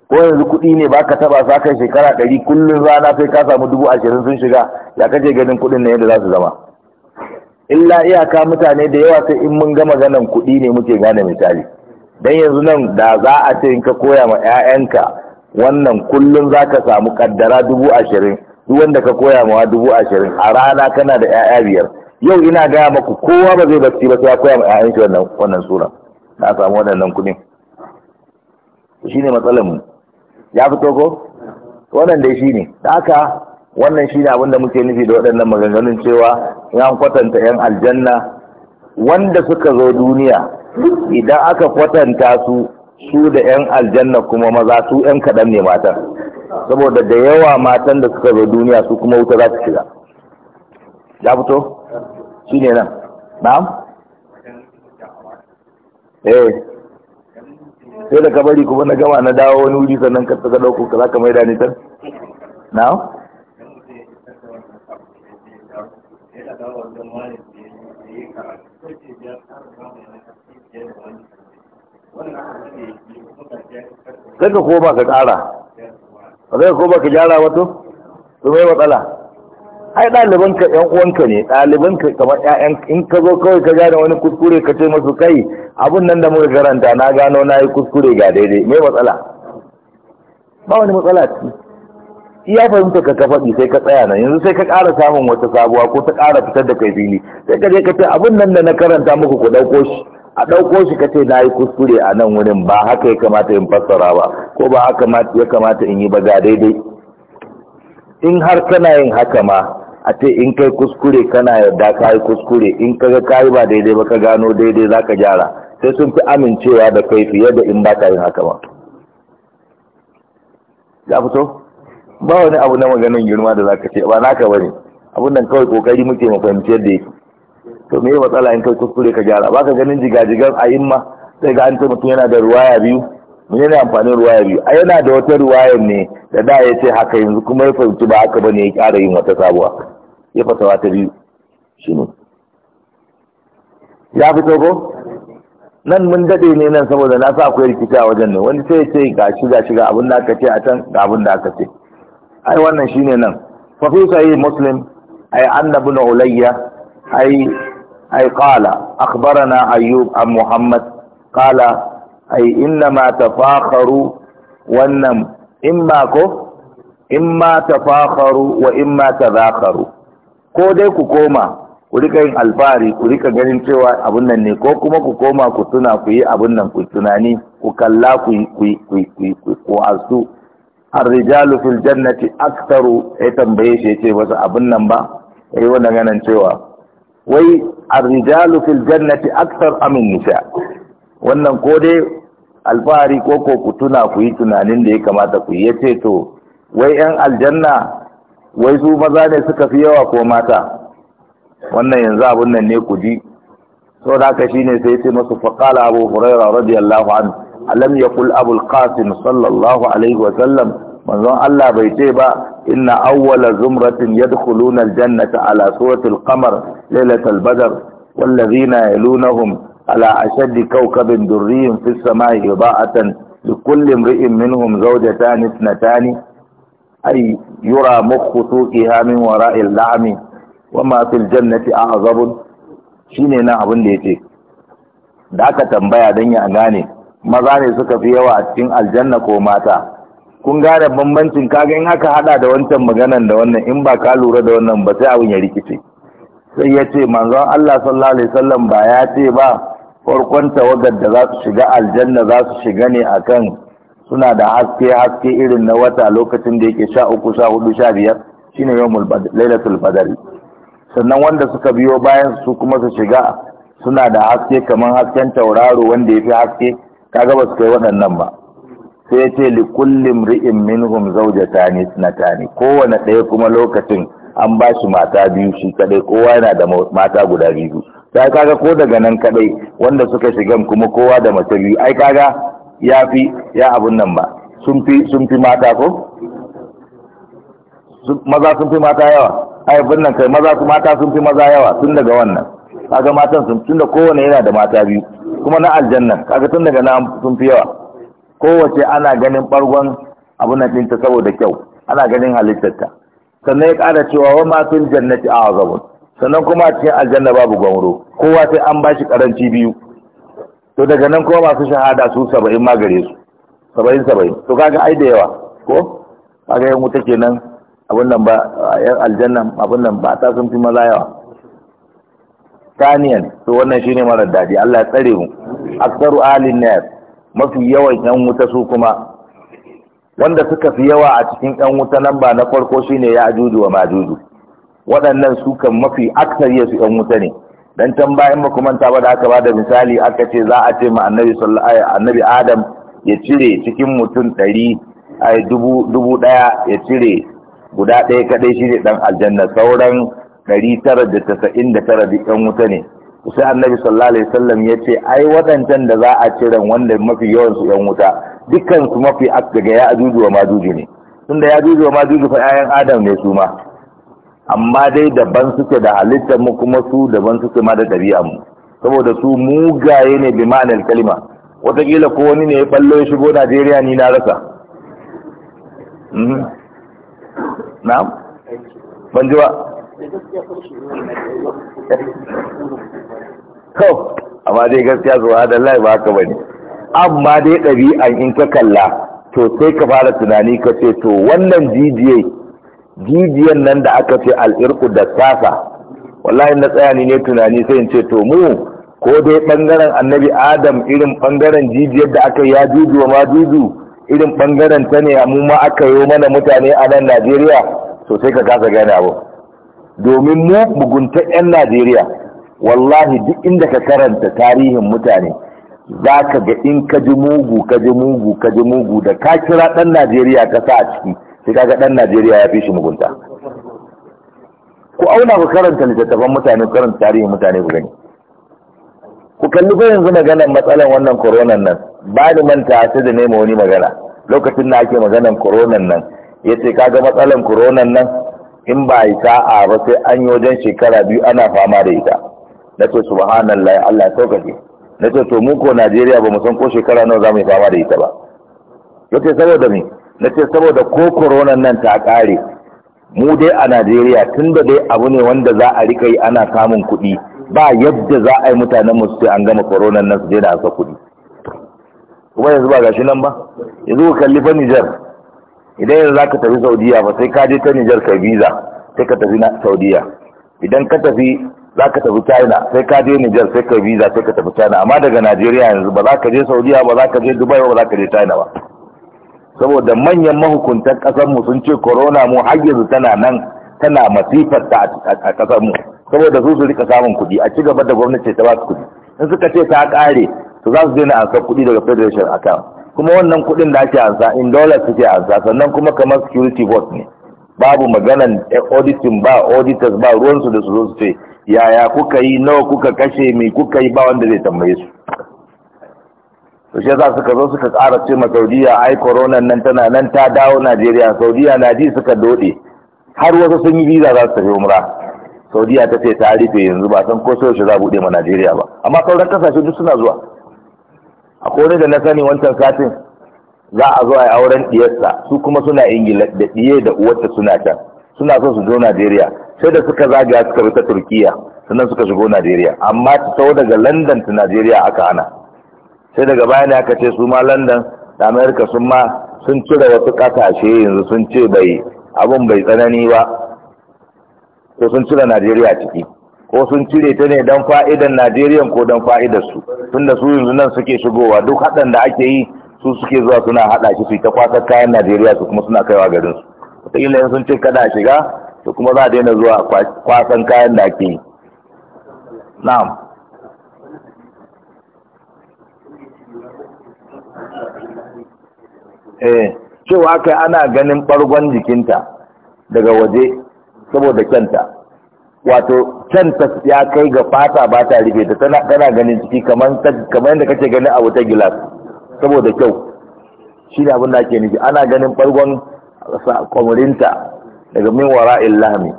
ko yanzu kuɗi ne ba ka taɓa sa kai shekara ɗari kullum rana sai ka samu dubu ashirin sun shiga ya kaje ganin kuɗin na yadda za su zama illa iyaka mutane da yawa sai in mun gama ganin kuɗi ne muke gane misali dan yanzu nan da za a ce in ka koya ma 'ya'yanka wannan kullum za ka samu kaddara dubu ashirin duk wanda ka koya ma dubu ashirin a rana kana da 'ya'ya biyar yau ina gaya maku kowa ba zai bacci ba sai ya koya ma ƴaƴanshi wannan wannan sura na samu waɗannan kuɗin shi ne matsalar mu ya fito ko wannan dai shi ne da haka wannan shi ne abinda muke nufi da waɗannan maganganun cewa in an kwatanta 'yan aljanna wanda suka zo duniya idan aka kwatanta su su da 'yan aljanna kuma maza su 'yan kaɗan ne matan saboda da yawa matan da suka zo duniya su kuma wuta za su shiga ya fito shi ne nan na'am eh sai da ka bari kuma na gama na dawo wani wuri sannan ka tsaka ɗauko ka za ka maida ni tan, na'am sai ka koma ka ƙara ba zai koma ka gyara wato su mai matsala ai ɗalibanka ɗan uwanka ne ɗalibanka kamar ƴaƴan in ka zo kawai ka gane wani kuskure ka ce masu kai abun nan da muka karanta na gano na yi kuskure ga daidai mai matsala ba wani matsala ce iya fahimta ka ka faɗi sai ka tsaya nan yanzu sai ka ƙara samun wata sabuwa ko ta ƙara fitar da kai fili sai ka je ka ce abun nan da na karanta muku ku ɗauko shi a ɗauko shi ka ce na yi kuskure a nan wurin ba haka ya kamata in fassara ba ko ba haka ya kamata in yi ba ga daidai in har kana yin haka ma a ce in kai kuskure kana yarda ka yi kuskure in kaga ka yi ba daidai ba ka gano daidai za ka gyara sai sun fi amincewa da kai fiye da in ba ka yin haka ma ya fito ba wani abu na maganin girma da za ka ce ba naka ba ne abin nan kawai kokari muke mu fahimci yadda yake to me matsala in kai kuskure ka gyara baka ganin jigajigan a imma sai ga an ce mutum yana da ruwaya biyu mene ne amfanin ruwaya biyu a yana da wata ruwaya ne da da ya ce haka yanzu kuma ya fahimci ba haka bane ya kyara yin wata sabuwa ya fasawa ta biyu ne ya fi sauko? nan mun dade ne nan saboda na sa akwai rikici a wajen ne wani sai ce ga shiga-shiga abun da aka ce a can ga abin da aka ce ai wannan shine nan fa fi sai muslim ai annabi na ulayya ai أي قال أخبرنا أيوب عن محمد قال أي إنما تفاخروا والنم إما كف إما تفاخروا وإما تذاخروا ko dai ku koma ku rika yin alfahari ku rika ganin cewa abun nan ne ko kuma ku koma ku tuna ku yi abun nan ku tunani ku kalla ku ku asu ar fil jannati aktharu ya tambaye shi ya ce masa abun nan ba yayi wannan ganin cewa wai arrijalu fil jannati akthar amin nisa wannan ko dai alfahari ko ko ku tuna ku yi tunanin da ya kamata ku yi yace to wai yan aljanna wai su maza ne suka fi yawa ko mata wannan yanzu abun nan ne ku ji sau da haka shine sai ce masu faqala abu hurairah radiyallahu anhu alam yaqul abul qasim sallallahu alaihi wa sallam manzon Allah bai ce ba inna awwala zumratin yadkhuluna aljannata ala suratul qamar lailatul badr wallazina yalunahum ala ashaddi kawkabin durriyin fis samai idaa'atan likulli imrin minhum zawjatan ithnatan ay yura mukhutuha min wara'il la'mi wama fil jannati a'zab shine nan abin da yake da aka tambaya dan ya gane maza ne suka fi yawa cikin aljanna ko mata kun gane bambancin kaga in aka hada da wancan maganan da wannan in ba ka lura da wannan ba sai abin ya rikice sai ya ce manzon Allah sallallahu alaihi wasallam ba ya ce ba farkon tawagar da za su shiga aljanna za su shiga ne akan suna da haske haske irin na wata lokacin da yake sha uku sha hudu sha biyar shine yawmul lailatul badr sannan wanda suka biyo bayan su kuma su shiga suna da haske kaman hasken tauraro wanda ya fi haske kaga ba su kai waɗannan ba sai ce li kullum ri'in minhum zawjatani sunatani kowane ɗaya kuma lokacin an ba shi mata biyu shi kadai kowa yana da mata guda biyu sai kaga ko daga nan kadai wanda suka shiga kuma kowa da mace biyu ai kaga ya fi ya abun nan ba sun fi sun fi mata ko maza sun fi mata yawa ai abun nan kai maza su mata sun fi maza yawa tun daga wannan kaga matan sun Tun da kowane yana da mata biyu kuma na aljanna kaga tun daga nan sun fi yawa kowace ana ganin bargon abin nan saboda kyau ana ganin halittarta sannan ya ƙara cewa wa ma jannati a a'zamu sannan kuma a cikin aljanna babu gwamro kowa sai an bashi karanci biyu to daga nan kuma masu shahada su saba'in magare su saba'in saba'in to kaga ai da yawa ko kaga yan wuta kenan abun nan ba yan aljanna abun nan ba ta sun fi maza yawa taniyan to wannan shine marar dadi Allah ya tsare mu aksaru alin nas mafi yawan yan wuta su kuma wanda suka fi yawa a cikin yan wuta nan ba na farko shine ya ajuju wa majuju waɗannan su kan mafi aksariya su yan wuta ne dan can bayan makumanta ta bada aka ba da misali aka ce za a ce ma annabi annabi adam ya cire cikin mutum ɗari a dubu ɗaya ya cire guda ɗaya kaɗai shi ne ɗan aljanna sauran ɗari tara da tasa'in da tara duk yan wuta ne sai annabi sallallahu alaihi wasallam ya ce ai waɗancan da za a cire wanda mafi yawan su yan wuta dukkan su mafi daga ya ajuju wa majuju ne tunda ya ajuju wa majuju fa ayan adam ne su ma amma dai daban suke da halittar mu kuma su daban suke ma da ɗabi'ar mu saboda su mugaye ne bi ma'anar kalima watakila ko wani ne ya ballo ya shigo Najeriya ni na rasa mhm. na'am ban ji ba to amma dai gaskiya subhanallahi ba haka bane amma dai ɗabi'an in ka kalla to sai ka fara tunani ka ce to wannan jijiye, jijiyan nan da aka ce al'irku da sasa wallahi na tsaya ne tunani sai in ce to mu ko dai bangaren annabi adam irin bangaren jijiyar da aka ya juju ma juju irin bangaren ta ne mu ma aka yi mana mutane a nan najeriya to sai ka kasa gane abu domin mu mugunta 'yan najeriya wallahi duk inda ka karanta tarihin mutane za ka ga in ka ji mugu ka ji mugu ka ji mugu da ka kira ɗan najeriya ka sa a ciki sai ka ga ɗan najeriya ya fi shi mugunta ku auna ku karanta littattafan mutane ku karanta tarihin mutane ku gani ku kalli ko yanzu maganar matsalar wannan koronan nan ba ni manta sai da nema wani magana lokacin da ake maganar koronan nan ya ce ka ga matsalar koronan nan in ba a yi sa'a ba sai an yi wajen shekara biyu ana fama da ita na ce subhanallah Allah ya saukake na ce to mu ko Najeriya ba mu san ko shekara nawa za mu yi fama da ita ba ya ce saboda me na ce saboda ko koronan nan ta ƙare mu dai a Najeriya tun da dai abu ne wanda za a rika yi ana samun kuɗi ba yadda za a yi mutanen mu su an gama koronan nan su je da aka kuɗi kuma yanzu ba gashi nan ba yanzu ka kalli fa Niger idan yanzu za ka tafi Saudiya ba sai ka je ta Niger ka visa sai ka tafi na Saudiya idan ka tafi za ka tafi china sai ka je niger sai ka visa sai ka tafi china amma daga najeriya yanzu ba za ka je saudiya ba za ka je dubai ba za ka je china ba saboda manyan mahukuntan ƙasarmu sun ce corona mu har yanzu tana nan tana masifar ta a ƙasarmu saboda su su rika samun kuɗi a ci gaba da gwamnati ta ba su kuɗi in suka ce ta ƙare to za su daina ansa kuɗi daga federation account kuma wannan kuɗin da ake ansa in dollars suke ansa sannan kuma kamar security board ne babu maganan auditing ba auditors ba ruwansu da su zo su ce yaya kuka yi nawa kuka kashe mai kuka yi ba wanda zai tambaye su to shi za suka zo suka ƙara ce ma saudiya ai corona nan tana nan ta dawo najeriya saudiya na ji suka dode har wasu sun yi visa za su tafi umra saudiya ta ce ta rufe yanzu ba san ko sai za bude ma najeriya ba amma sauran kasashe duk suna zuwa akwai wani da na sani wancan satin za a zo a yi auren diyarsa su kuma suna ingila da diye da uwarta suna can suna so su zo Najeriya sai da suka zagaya suka bi ta Turkiya sannan suka shigo Najeriya amma ta sau daga London ta Najeriya aka ana. sai daga baya ne aka ce su ma London da America sun ma sun cire wasu kasashe yanzu sun ce bai abun bai tsanani ba ko sun cire Najeriya ciki ko sun cire ta ne dan fa'idan Najeriya ko dan fa'idar su tunda su yanzu nan suke shigowa duk hadan da ake yi su suke zuwa suna haɗa shi su ta kwasar kayan Najeriya su kuma suna kaiwa garin su wataƙila yin sun ce kada shiga to kuma za a daina zuwa kwasan kayan da ake na'am eh cewa kai ana ganin bargon jikinta daga waje saboda kyanta wato kyanta ya kai ga fata ba ta rufe ta tana ganin ciki kamar yadda kake ganin a wuta gilas saboda kyau shi ne abin da ake nufi ana ganin bargon kwamurinta daga min wara illami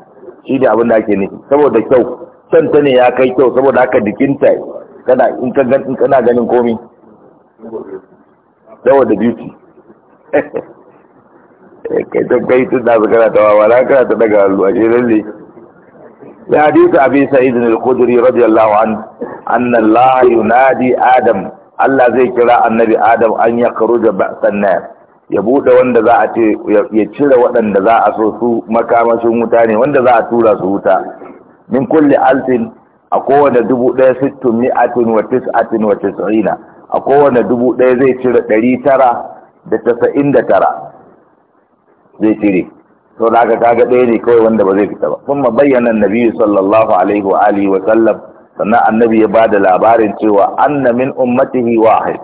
shi da abin da ake nufi saboda kyau son ta ne ya kai kyau saboda haka dikinta kana in kana ganin komi saboda beauty eh, kai ta kai tun da kana ta wawa na kana ta daga alluwa shi lalle ya hadisu abi sa'id al-khudri radiyallahu an anna allah yunadi adam Allah zai kira annabi Adam an ya da ba'san nas ya bude wanda za a ce ya cire waɗanda za a so su makamashin wuta ne wanda za a tura su wuta min kulli altin a kowane dubu ɗaya sittin mi'atin wa tis'atin wa tis'ina a kowane dubu ɗaya zai cire ɗari tara da tasa'in da tara zai cire sau da aka kaga ɗaya ne kawai wanda ba zai fita ba kuma bayyana nabi sallallahu alaihi wa alihi wa sallam sannan annabi ya ba da labarin cewa anna min ummatihi wahid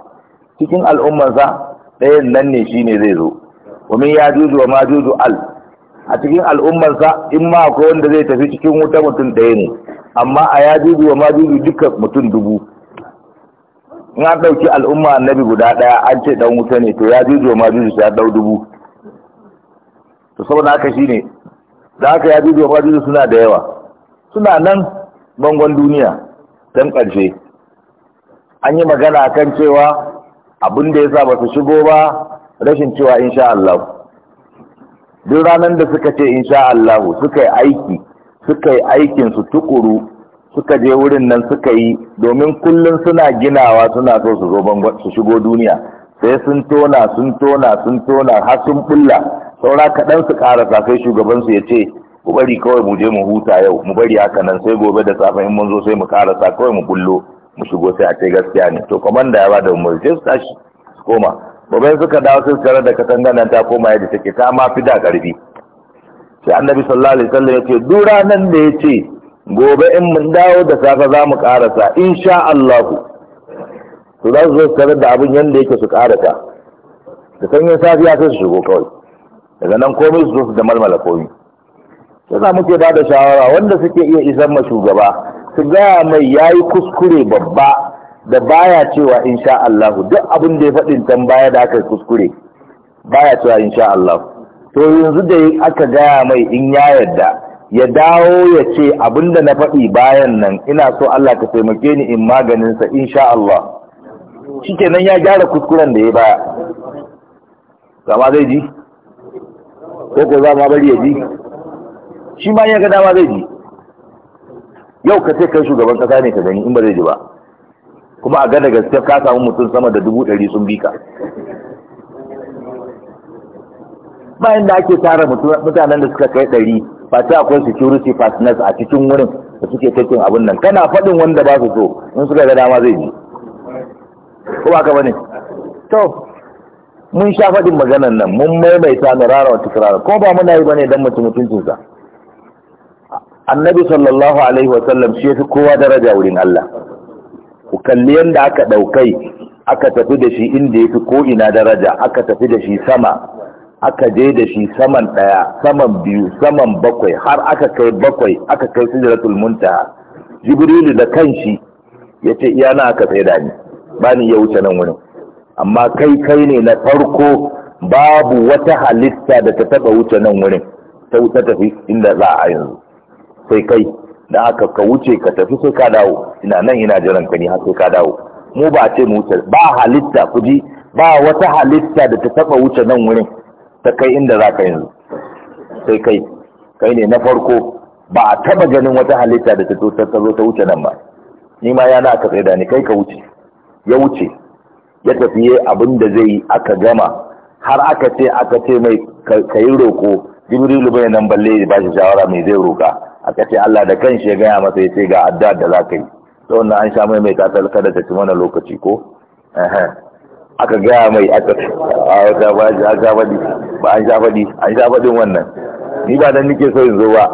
cikin al'ummarsa ɗayan nan ne shi ne zai zo wa ma وماجوز al a cikin al'ummarsa in ma akwai wanda zai tafi cikin wuta mutum ɗaya ne amma a yajuju wa majuju duka mutum dubu in an ɗauki al'umma annabi guda ɗaya an ce ɗan wuta ne to yajuju wa majuju sai ɗau dubu to saboda haka shi ne. da haka yajuju wa majuju suna da yawa suna nan bangon duniya dan ƙarshe an yi magana akan cewa abin da ya sa ba su shigo ba rashin cewa insha Allah duk ranar da suka ce insha Allah suka yi aiki suka yi aikin su tukuru suka je wurin nan suka yi domin kullun suna ginawa suna so su zo su shigo duniya sai sun tona sun tona sun tona har sun bulla saura kaɗan su ƙarasa sai shugabansu ya ce ku bari kawai mu je mu huta yau mu bari haka nan sai gobe da safe in mun zo sai mu karasa kawai mu bullo mu shigo sai a ce gaskiya ne to komanda ya ba da umarni sai su tashi su koma babban suka dawo sun su da katangar nan ta koma yadda take ta ma fi da karfi sai annabi sallallahu alaihi wasallam ya ce dura nan da ya ce gobe in mun dawo da safa za mu karasa insha Allah to za su zo tarar da abin yanda yake su karasa da sanyin safiya sai su shigo kawai daga nan komai su zo su da malmala komai sai za muke ba da shawara wanda suke iya isar ma shugaba su gaya mai ya yi kuskure babba da baya cewa insha Allah duk abin da ya faɗin can baya da aka kuskure baya cewa insha Allah to yanzu da aka gaya mai in ya yarda ya dawo ya ce abin da na faɗi bayan nan ina so Allah ka taimake ni in maganinsa insha Allah shikenan ya gyara kuskuren da ya baya gama zai ji ko ko za ma bari ya ji shi ma ya ga dama zai ji yau ka ce kai shugaban kasa ne ka gani in ba zai ji ba kuma a ga da gaske ka samu mutum sama da dubu ɗari sun bi ka bayan da ake tara mutanen da suka kai ɗari ba ta akwai security partners a cikin wurin da suke cikin abin nan kana faɗin wanda ba su so in suka ga dama zai ji ko ba ka bane to mun sha faɗin maganar nan mun maimaita mirara wa tikrara ko ba muna yi bane dan mutum mutuncinsa annabi sallallahu alaihi wasallam shi fi kowa daraja wurin Allah ku kalli yanda aka daukai aka tafi da shi inda yafi ko ina daraja aka tafi da shi sama aka je da shi saman daya saman biyu saman bakwai har aka kai bakwai aka kai sidratul muntaha jibrilu da kanshi yace iya na aka tsaya ni ba ni ya wuce nan wurin amma kai kai ne na farko babu wata halitta da ta taba wuce nan wurin ta wuce tafi inda za a yanzu sai kai da haka ka wuce ka tafi sai ka dawo ina nan ina jiran ka ne har sai ka dawo mu ba ce mu wuce ba halitta ku ji ba wata halitta da ta taba wuce nan wurin ta kai inda za ka yanzu sai kai kai ne na farko ba a taba ganin wata halitta da ta zo ta zo ta wuce nan ba ni ma yana aka tsaye da ni kai ka wuce ya wuce ya tafiye abin da zai yi aka gama har aka ce aka ce mai ka yi roko jibrilu bai nan balle ba shi shawara mai zai roka aka ce Allah da kan shi ya gaya masa ya ce ga adda da za ka yi ta wannan an sha mai mai tatar kada ta ci mana lokaci ko aka gaya mai aka sha faɗi ba an sha faɗi an sha faɗin wannan ni ba dan nike so in zo ba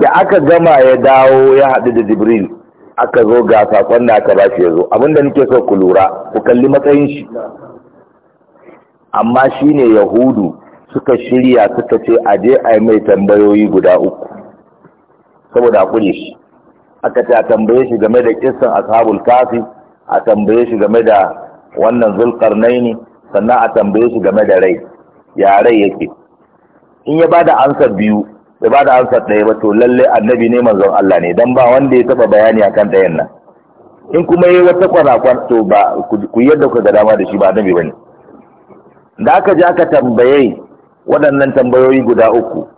da aka gama ya dawo ya haɗu da jibril aka zo ga sakon da aka ba shi ya zo abinda nike so ku lura ku kalli matsayin shi amma shine yahudu suka shirya suka ce a je a yi mai tambayoyi guda uku saboda hakuri shi aka ce a tambaye shi game da kissan ashabul kafi a tambaye shi game da wannan zulkarnaini sannan a tambaye shi game da rai ya rai yake in ya bada ansar biyu ya bada ansar ɗaya ba to lalle annabi ne manzon Allah ne dan ba wanda ya taba bayani akan ɗayan nan in kuma yayi wata kwana to ba ku yadda ku ga dama da shi ba annabi bane da aka ji aka tambaye waɗannan tambayoyi guda uku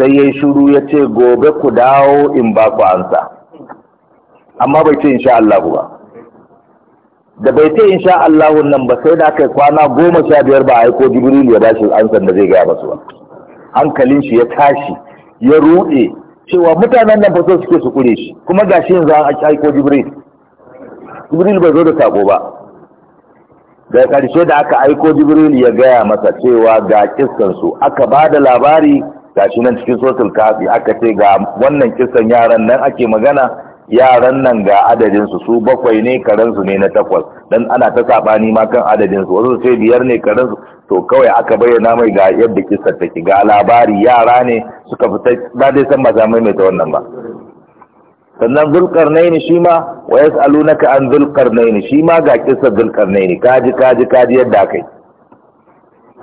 sai ya yi shuru ya ce gobe ku dawo in ba ku ansa amma bai ce insha Allah ba da bai ce insha Allah nan ba sai da aka kwana goma sha biyar ba aiko Jibril ya bashi ansan da zai gaya ba su ba hankalin shi ya tashi ya ruɗe cewa mutanen nan ba so suke su kure shi kuma gashi yanzu an aiko Jibril Jibril bai zo da sako ba da ƙarshe da aka aiko Jibril ya gaya masa cewa ga kiskan aka ba da labari gashi nan cikin sosul kafi aka ce ga wannan kisan yaran nan ake magana yaran nan ga adadinsu su bakwai ne karensu ne na takwas dan ana ta sabani ma kan adadinsu wasu sai biyar ne karensu to kawai aka bayyana mai ga yadda kisar take ga labari yara ne suka fita ba dai san ba samu mai ta wannan ba sannan zulkarnaini shi ma wa yas'alunaka an zulkarnaini shi ma ga kisar zulkarnaini kaji kaji kaji yadda kai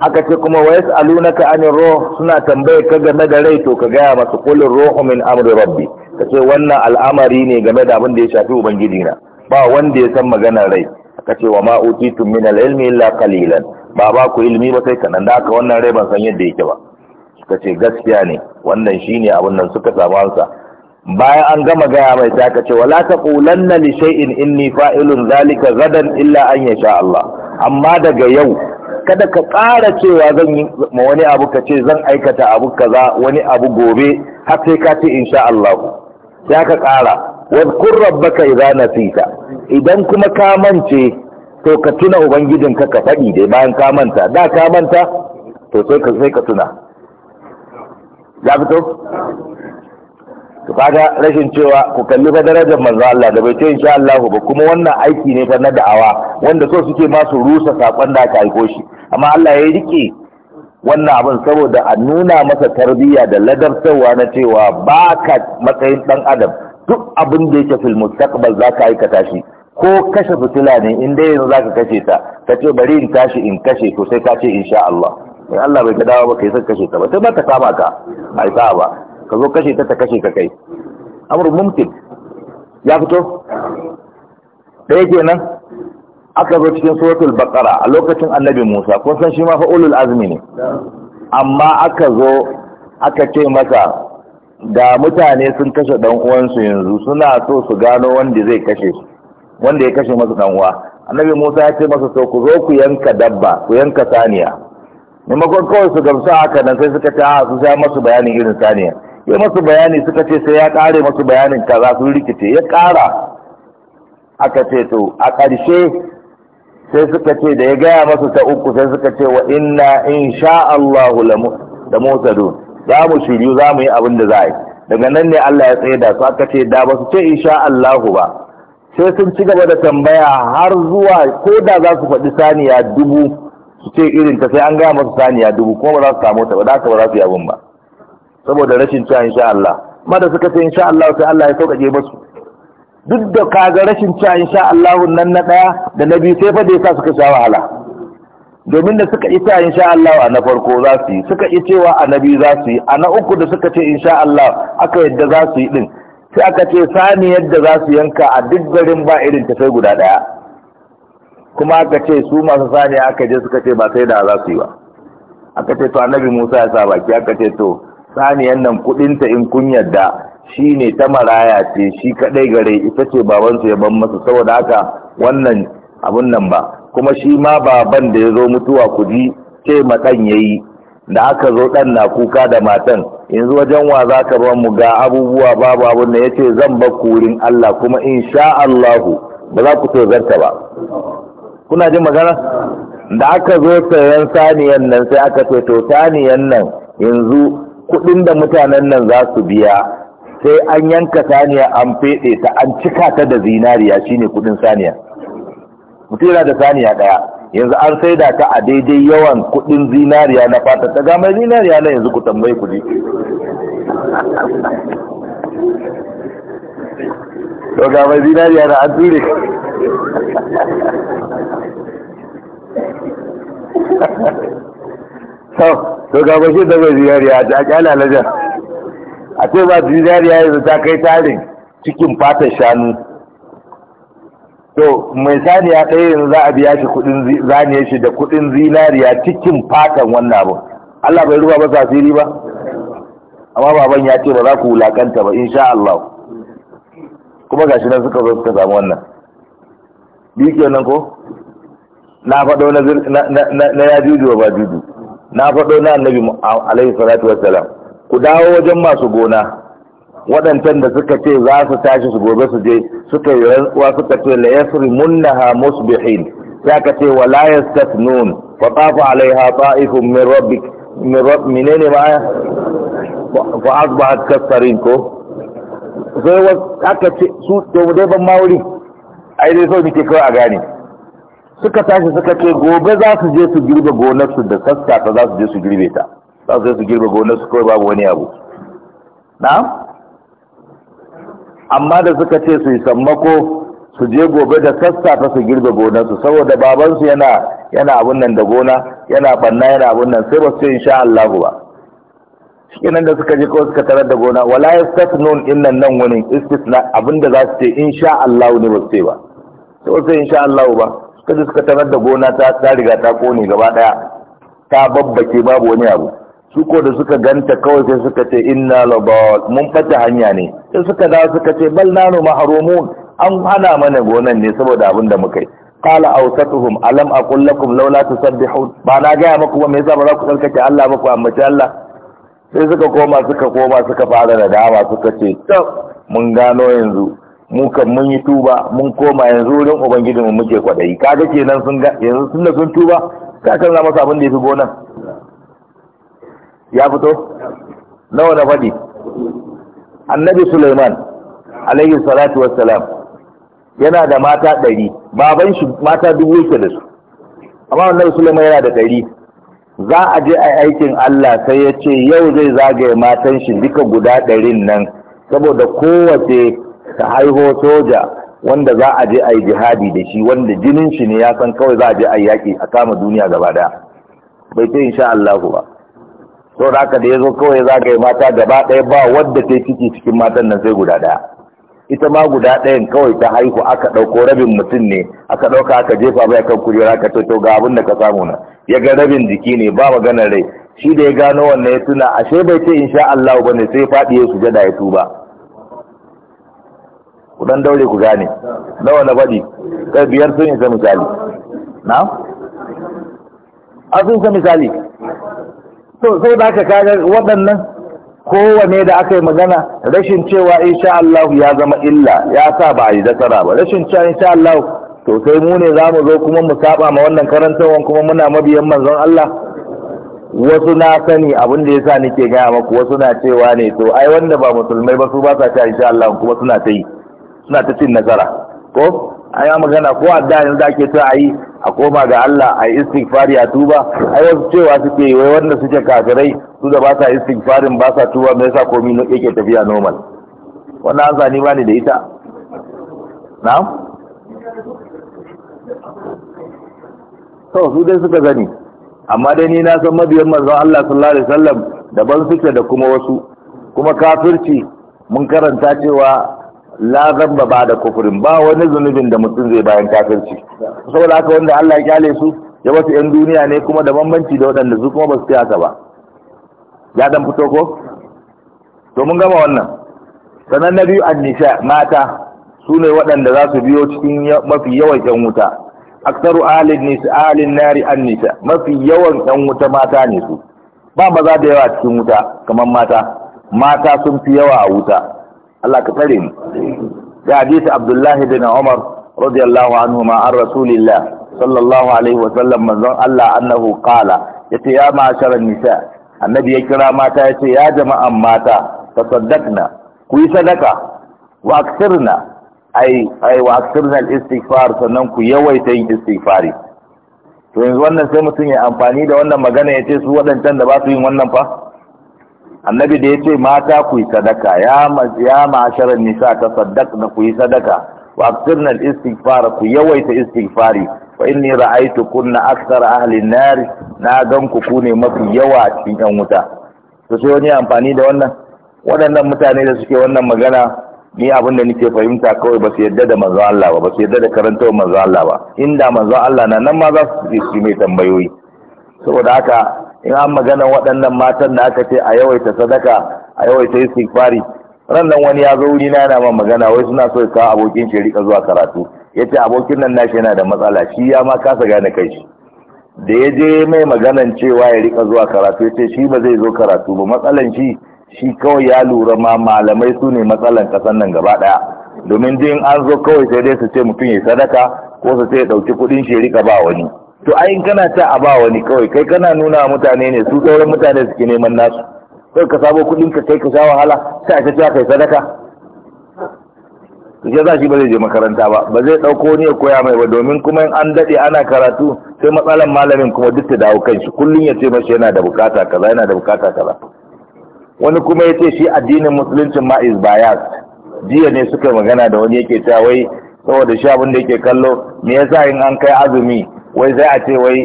aka ce kuma wa yas'alunaka anir ruh suna tambaye ka game da rai to ka gaya masu qul ruhu min amri rabbi kace wannan al'amari ne game da abin da ya shafi ubangiji na ba wanda ya san maganar rai ce wa ma utitum min al-ilmi illa qalilan ba ba ku ilmi ba sai kanan da aka wannan rai ban san yadda yake ba ka ce gaskiya ne wannan shine abin nan suka samu ansa bayan an gama gaya mai ta kace wala taqulanna li shay'in inni fa'ilun zalika gadan illa an yasha Allah amma daga yau kada ka tsara cewa zan yi ma wani abu ka ce zan aikata abu kaza wani abu gobe har sai ka ce insha Allah ya ka tsara wadkur rabbaka idza nasita idan kuma ka mance to ka tuna ubangijin ka faɗi dai bayan ka manta da ka manta to sai ka sai ka tuna ya to kaga rashin cewa ku kalli fa darajar manzo Allah da bai ce insha Allah ba kuma wannan aiki ne fa na da'awa wanda so suke ma su rusa sakon da aka aiko shi amma Allah ya rike wannan abin saboda a nuna masa tarbiyya da ladabtarwa na cewa ba ka matsayin dan adam duk abin da yake fil mustaqbal ka aikata shi ko kashe fitila ne in dai yanzu zaka kashe ta ka ce bari in tashi in kashe to sai ka ce insha Allah in Allah bai ga dawo ba kai son kashe ta ba sai ba ta kama ka ai ba ka zo kashe ta ta kashe ka kai amur mumkin ya fito ɗaya kenan aka zo cikin suratul bakara a lokacin annabi Musa ko san shi ma fa ulul azmi ne amma aka zo aka ce masa da mutane sun kashe dan uwansu yanzu suna so su gano wanda zai kashe su wanda ya kashe masa dan uwa annabi Musa ya ce masa to ku zo ku yanka dabba ku yanka saniya maimakon kawai su gamsu haka nan sai suka ta su sai masu bayanin irin saniya ya masu bayani suka ce sai ya kare masu bayanin kaza sun rikice ya kara aka ce to a ƙarshe sai suka ce da ya gaya masu ta uku sai suka ce wa inna in sha Allahu da motsadun za mu shiryu za mu yi abin da za a yi daga nan ne Allah ya tsaye da su aka ce da ba su ce in sha Allahu ba sai sun ci gaba da tambaya har zuwa ko da za su faɗi saniya dubu su ce irin ta sai an gaya masu saniya dubu kuma ba za su samu ta ba da haka ba za su yi abin ba saboda rashin cewa insha Allah mada suka ce insha Allah sai Allah ya sauƙaƙe musu duk da kaga rashin cewa insha Allah nan na daya da na biyu sai fa da yasa suka sha wahala domin da suka ita insha Allah a na farko za su yi suka yi cewa a na biyu za su yi a na uku da suka ce insha Allah aka yadda za su yi din sai aka ce sani yadda za su yanka a duk garin ba irin ta sai guda daya kuma aka ce su masu sani aka je suka ce ba sai da za su yi ba aka ce to annabi Musa ya sa baki aka ce to saniyan nan kudinta in kun yarda shi ne ta maraya ce shi kadai gare ita ce babansu ya ban masa saboda haka wannan abun nan ba kuma shi ma baban da ya zo mutuwa ku ji ce matan ya yi da aka zo ɗan na kuka da matan yanzu wajen wa za ka ban mu ga abubuwa babu abun da ya ce zan ba kurin Allah kuma insha Allahu ba za ku zarta ba kuna jin magana da aka zo sayan saniyan nan sai aka ce to saniyan nan yanzu kuɗin da mutanen nan za su biya sai an yanka saniya an feɗe ta an cika ta da zinariya shine kuɗin saniya mutum yana da saniya ɗaya yanzu an saida ta a daidai yawan kuɗin zinariya na fata ta gama zinariya na yanzu ku tambayi kuɗi to gama zinariya na an ture to ga bashi da bai zinariya a kyala lajar a ce ba zinariya yanzu ta kai tarin cikin fatan shanu to mai saniya ɗaya yanzu za a biya shi kuɗin zaniya shi da kuɗin zinariya cikin fatan wannan abu Allah bai ruba ba tasiri ba amma baban ya ce ba za ku wulakanta ba insha Allah kuma gashi nan suka zo suka samu wannan biyu kenan ko na faɗo na ya juju ba juju na faɗo na annabi alaihi salatu wassalam ku dawo wajen masu gona waɗancan da suka ce za su tashi su gobe su je suka yi rantsuwa suka ce la yasri munnaha musbihin sai aka ce wa la yastathnun fa tafa alaiha ta'ifun min rabbik min rabb minene ma fa asbahat kasarin ko sai aka ce su to dai ban ma wuri ai dai so ke kawai a gane suka tashi suka ce gobe za su je su girbe gonarsu da sassafe za su je su girbe ta za su je su girbe gonarsu kawai babu wani abu na amma da suka ce su yi sammako su je gobe da sassafe su girbe gonarsu saboda babansu yana yana abun nan da gona yana banna yana abun nan sai ba su ce insha Allah ba shi nan da suka je kawai suka tarar da gona wala yastasnun innan nan wani istisna abinda za su ce insha Allah ne ba su ce ba sai ba su ce insha Allah ba kada suka tarar da gona ta riga ta kone gaba daya ta babbake babu wani abu su ko da suka ganta kawai sai suka ce inna laba mun fata hanya ne sai suka da suka ce bal nanu mahrumun an hana mana gonan ne saboda abin da muka yi qala awsatuhum alam aqul lakum laula tusabbihun ba na ga muku ba me yasa ba za ku tsarkake Allah ba ku ambaci Allah sai suka koma suka koma suka fara da dama suka ce to mun gano yanzu mu kan mun yi tuba mun koma yanzu wurin ubangiji mu muke kwadayi kaga kenan sun ga yanzu sun da sun tuba ka canza masa abin da ya fi gonan ya fito nawa na faɗi annabi suleiman alaihi salatu wassalam yana da mata ɗari baban shi mata dubu yake da su amma annabi suleiman yana da ɗari za a je a aikin allah sai ya ce yau zai zagaye matan shi duka guda ɗarin nan saboda kowace Ka haiho soja wanda za a je a yi jihadi da shi wanda jinin shi ne ya san kawai za a je a yi yaƙi a kama duniya gaba daya bai ce insha Allah ba to da aka da ya zo kawai za yi mata gaba ɗaya ba wadda ta ciki cikin matan nan sai guda ɗaya ita ma guda ɗayan kawai ta haihu aka ɗauko rabin mutum ne aka ɗauka aka jefa bai kan kujera ka to ga abin da ka samu na ya ga rabin jiki ne ba maganar rai shi da ya gano wannan ya tuna ashe bai ce insha Allah bane sai faɗi ya sujada ya tuba ku dan daure ku gane nawa na faɗi kai biyar sun isa misali na a sun isa misali to sai da aka kaga waɗannan kowane da aka yi magana rashin cewa insha Allah ya zama illa ya sa ba a yi dasara ba rashin cewa insha Allah to sai mu ne za zo kuma mu saba ma wannan karantawan kuma muna mabiyan manzon Allah wasu na sani abin da yasa nake gaya maku wasu na cewa ne to ai wanda ba musulmai ba su ba sa cewa insha Allah kuma suna ta yi suna ta cin nazara, ko a yi magana ko a da yanzu ake ta a yi a koma ga Allah a yi istighfari a tuba a wasu cewa suke yi wai wanda suke kafirai su da ba sa istighfarin ba sa tuba me yasa komi no yake tafiya normal wannan an zani ba ne da ita na'am to su dai suka zani amma dai ni na san mabiyan manzon Allah sallallahu alaihi wasallam daban suke da kuma wasu kuma kafirci mun karanta cewa la zamba ba da kufurin ba wani zunubin da mutum zai bayan kafirci saboda haka wanda Allah ya kyale su ya wasu yan duniya ne kuma da bambanci da waɗanda su kuma ba su kyasa ba ya dan fito ko to mun gama wannan sanan na biyu annisha mata su ne waɗanda za su biyo cikin mafi yawan yan wuta aksaru alin nisa alin nari annisha mafi yawan yan wuta mata ne su ba maza da yawa cikin wuta kamar mata mata sun fi yawa a wuta Allah ka tare mu da hadisi Abdullahi bin Umar radiyallahu anhu ma an rasulillah sallallahu alaihi wa sallam manzon Allah annahu qala yace ya ma'asharan nisa annabi ya kira mata yace ya jama'an mata tasaddaqna ku yi sadaka wa aksirna ai ai wa aksirna al-istighfar sannan ku yawaita yin istighfari to yanzu wannan sai mutum ya amfani da wannan magana yace su wadancan da ba su yin wannan fa annabi da ya ce mata ku yi sadaka ya ma'asharar nisa ta saddak na ku yi sadaka wa aksirna istighfar ku yawaita istighfari wa ni ra'aitu kunna aksar ahalin nari na gan ku ku ne mafi yawa a cikin yan wuta to sai wani amfani da wannan waɗannan mutane da suke wannan magana ni abin da nake fahimta kawai ba su yadda da manzo Allah ba ba su yadda da karantawar manzo Allah ba inda manzo Allah na nan ma za su yi mai tambayoyi saboda haka in an magana waɗannan matan da aka ce a yawaita sadaka a yawaita istighfari ran nan wani ya zo wuri na yana man magana wai suna so ya kawo abokin shi rika zuwa karatu Ya ce abokin nan nashi yana da matsala shi ya ma kasa gane kai shi da ya je mai maganan cewa ya rika zuwa karatu yace shi ba zai zo karatu ba matsalan shi shi kawai ya lura ma malamai su ne matsalan kasan nan gaba daya domin din an zo kawai sai dai su ce mutum ya sadaka ko su ce ya ɗauki kuɗin shi ya rika ba wani to ayin kana ta a ba wani kawai kai kana nuna mutane ne su sauran mutane suke neman nasu sai ka sabo kudin ka kai ka sha wahala sai a ci kai sadaka to za shi ba zai je makaranta ba ba zai dauko ne ya koya mai ba domin kuma in an dade ana karatu sai matsalan malamin kuma duk ta dawo kanshi kullun ya ce mashi yana da bukata kaza yana da bukata kaza wani kuma ya ce shi addinin musuluncin ma is biased jiya ne suka magana da wani yake ta wai saboda shi abin da yake kallo me yasa in an kai azumi wai sai a ce wai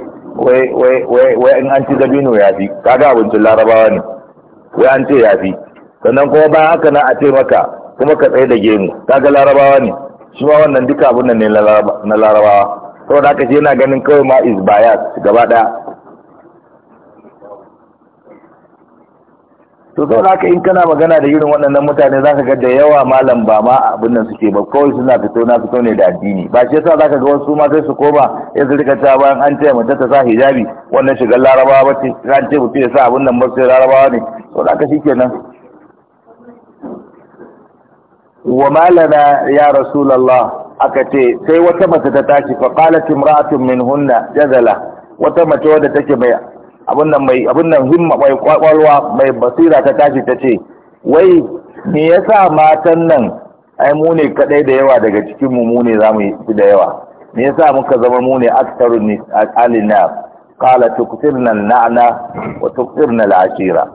wai in an ci dabino ya fi kaga abincin larabawa ne wai an ce ya fi sannan kuma bayan haka na a ce maka kuma ka tsaye da gemu kaga larabawa ne shi ma wannan duka abin nan ne na larabawa saboda haka shi yana ganin kawai ma is bias gaba ɗaya. to sau haka in kana magana da irin waɗannan mutane za ka ga da yawa malam ba ma abin nan suke ba kawai suna fito na fito ne da addini ba shi yasa za ka ga wasu ma sai su koma ya su rika ta bayan an taya mutum ta sa hijabi wannan shigar larabawa ba ce an ce mutum ya sa abin nan ba sai larabawa ne sau haka shi kenan wa malana ya rasulallah aka ce sai wata mace ta tashi fa qalat imra'atun minhunna jazala wata mace wadda take mai abin nan mai himma mai kwakwalwa mai basira ta tashi ta ce wai me yasa matan nan ai mu ne kadai da yawa daga cikin mu mu ne zamu yi da yawa me yasa muka zama mu ne aktarun alina qala tuqtirna na'na wa tuqtirna al'ashira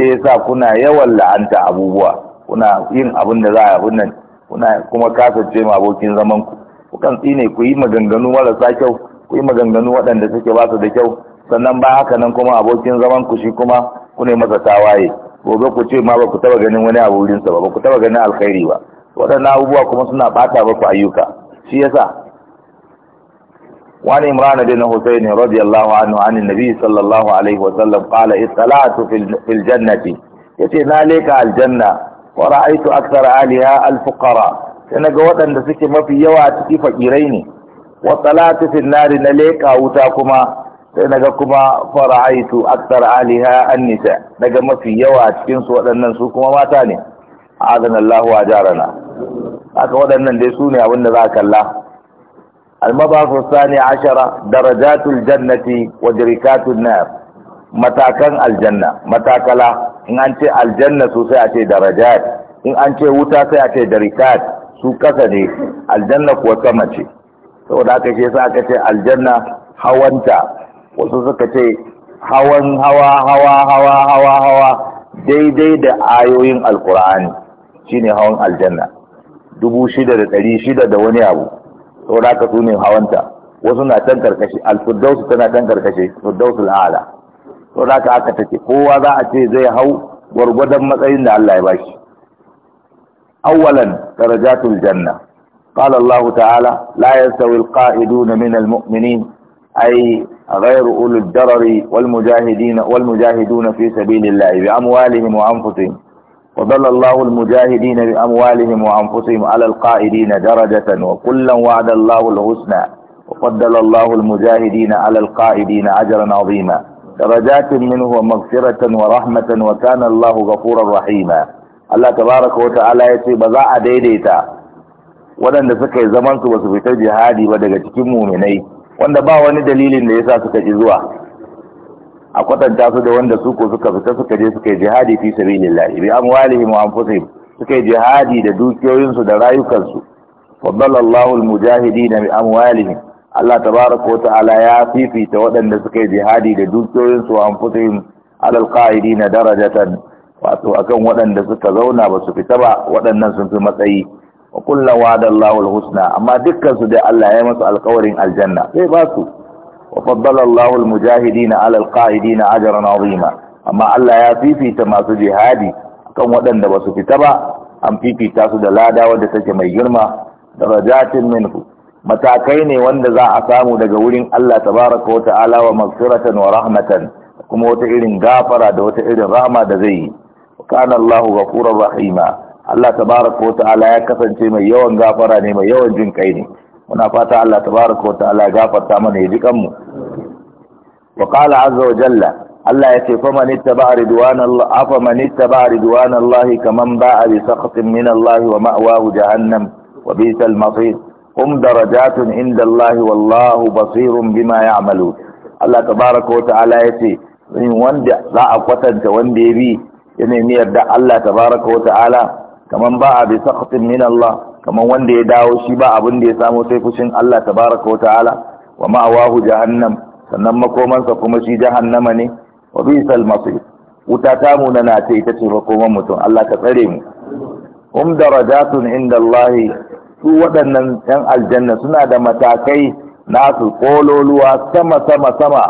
ya yasa kuna yawan la'anta abubuwa kuna yin abin da za a abin nan kuna kuma kasance ma abokin zaman ku kukan tsine ku yi maganganu marasa kyau ku yi maganganu waɗanda suke ba su da kyau sannan ba haka nan kuma abokin zaman ku shi kuma ku ne masa tawaye gobe ku ce ma ba ku taba ganin wani abu wurinsa ba ba ku taba ganin alkhairi ba waɗannan abubuwa kuma suna ɓata ku ayyuka shi yasa wani imran bin husayn radiyallahu anhu an nabi sallallahu alaihi wasallam qala ittala'tu fil jannati yace na leka aljanna wa ra'aytu akthara aliha alfuqara sai naga waɗanda suke mafi yawa ciki fakirai ne wa salatu fil na leka wuta kuma sai naga kuma fara'aitu aktar aliha annisa naga mafi yawa a cikin su waɗannan su kuma mata ne azan Allah wa jarana waɗannan dai su ne abin da za kalla almabasu sani ashara darajatul jannati wa jirikatun nar matakan aljanna matakala in an ce aljanna su sai a ce darajat in an ce wuta sai a ce darikat su kasa ne aljanna kuwa sama ce saboda aka ce sa aka ce aljanna hawanta wasu suka ce hawan hawa hawa hawa hawa hawa daidai da ayoyin alkur'ani shine hawan aljanna dubu shida da ɗari shida da wani abu saboda ka su ne hawanta wasu na can karkashe alfirdausu tana can karkashe firdausul ala saboda ka aka take kowa za a ce zai hau gwargwadon matsayin da Allah ya bashi awwalan darajatul janna قال الله تعالى لا يستوي القائدون من المؤمنين أي غير أولي الضرر والمجاهدين والمجاهدون في سبيل الله بأموالهم وأنفسهم وضل الله المجاهدين بأموالهم وأنفسهم على القائدين درجة وكلا وعد الله الحسنى وفضل الله المجاهدين على القائدين أجرا عظيما درجات منه ومغفرة ورحمة وكان الله غفورا رحيما الله تبارك وتعالى يتي بزاء ديديتا ولن نسكي زمانك وسبيت الجهادي ودقى تكمو منيه wanda ba wani dalilin da yasa suka ji zuwa a kwatanta su da wanda su ko suka fita suka je suka yi jihadi fi sabilillahi bi amwalihim wa anfusihim suka yi jihadi da dukiyoyinsu da rayukansu faddala Allahu almujahidina bi amwalihim Allah tabaraka wa ta'ala ya fifita waɗanda suka yi jihadi da dukiyoyinsu wa anfusihim alal qa'idina darajatan wato akan waɗanda suka zauna ba su fita ba waɗannan sun fi matsayi wa kullu wa'ada husna amma dukkansu dai Allah ya masu alkawarin aljanna sai ba su wa faddala Allahu al-mujahidina 'ala al-qa'idina ajran amma Allah ya fifita masu jihadi kan waɗanda ba su fita ba an fifita su da lada wadda take mai girma darajatin minhu matakai ne wanda za a samu daga wurin Allah ta baraka wata wa maghfiratan wa rahmatan kuma wata irin gafara da wata irin rahma da zai yi kana Allahu ghafurur rahima Allah tabaraka wa ta'ala ya kasance mai yawan gafara ne mai yawan jin kai ne muna fata Allah tabaraka wa ta'ala ya gafarta mana ya ji kanmu wa qala azza wa jalla Allah ya ce faman ittaba ridwanallahi afa man ittaba ridwanallahi kaman ba'a bi saqatin min Allah wa ma'wahu jahannam wa bi'sal masir hum darajatun inda Allah wallahu basirun bima ya'malun Allah tabaraka wa ta'ala ya ce wanda za a kwatanta wanda ya bi ya nemi yarda Allah tabaraka wa kaman ba a bi sakhatin min Allah kaman wanda ya dawo shi ba abin da ya samu sai fushin Allah tabaraka wa ta'ala wa ma'awahu jahannam sannan makomansa kuma shi jahannama ne wa bisal masir ta mu na ce ita ce makoman mutum Allah ka tsare mu um darajatun inda Allah su waɗannan ɗan aljanna suna da matakai nasu kololuwa sama sama sama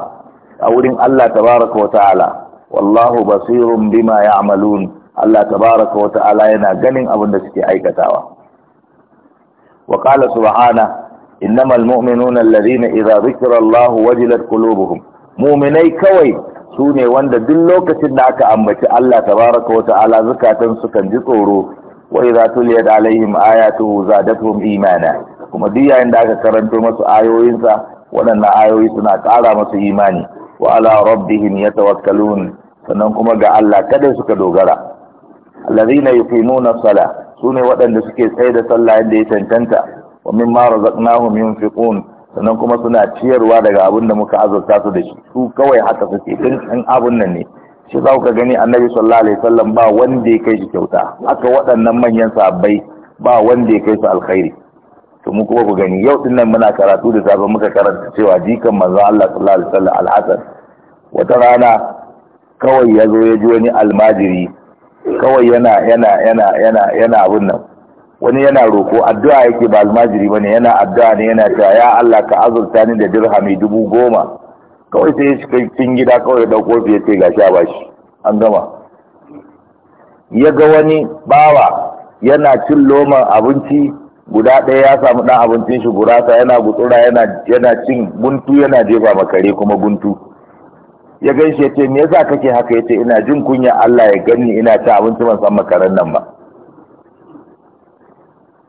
a wurin Allah tabaraka wa ta'ala wallahu basirun bima ya'malun Allah tabaraka wa ta'ala yana ganin abin da suke aikatawa wa qala subhana innamal mu'minuna alladhina idza dhukira Allah wajilat qulubuhum mu'minai kawai su ne wanda duk lokacin da aka ambaci Allah tabaraka wa ta'ala zakatan sukan ji tsoro wa idza tuliyat alaihim ayatuhu zadatuhum imana kuma duk yayin da aka karanto masu ayoyinsa waɗannan ayoyi suna ƙara masu imani wa ala rabbihim yatawakkalun sannan kuma ga Allah kada suka dogara alladhina yuqimuna as-salah sune waɗanda suke tsaye da sallah yadda ya cancanta wa mimma sannan kuma suna ciyarwa daga abin da muka azurta su da shi su kawai haka suke tun an abun nan ne shi za ku gani annabi sallallahu alaihi wasallam ba wanda ya kai shi kyauta haka waɗannan manyan sahabbai ba wanda ya kai su alkhairi to mu kuma ku gani yau din nan muna karatu da safe muka karanta cewa jikan manzo Allah sallallahu alaihi wasallam al-Hasan wata rana kawai ya zo ya ji wani almajiri kawai yana yana yana yana yana abun nan wani yana roko addu'a yake ba almajiri bane yana addu'a ne yana cewa ya Allah ka azurta ni da dirhami dubu goma kawai sai ya shiga cin gida kawai da kofi ya ce gashi a bashi an gama ya ga wani bawa yana cin loman abinci guda ɗaya ya samu ɗan abincin shi gurasa yana gutsura yana cin guntu yana jefa makare kuma guntu ya gaishe ce me yasa kake haka Ya ce ina jin kunya Allah ya gani ina ta abinci ban san makaran nan ba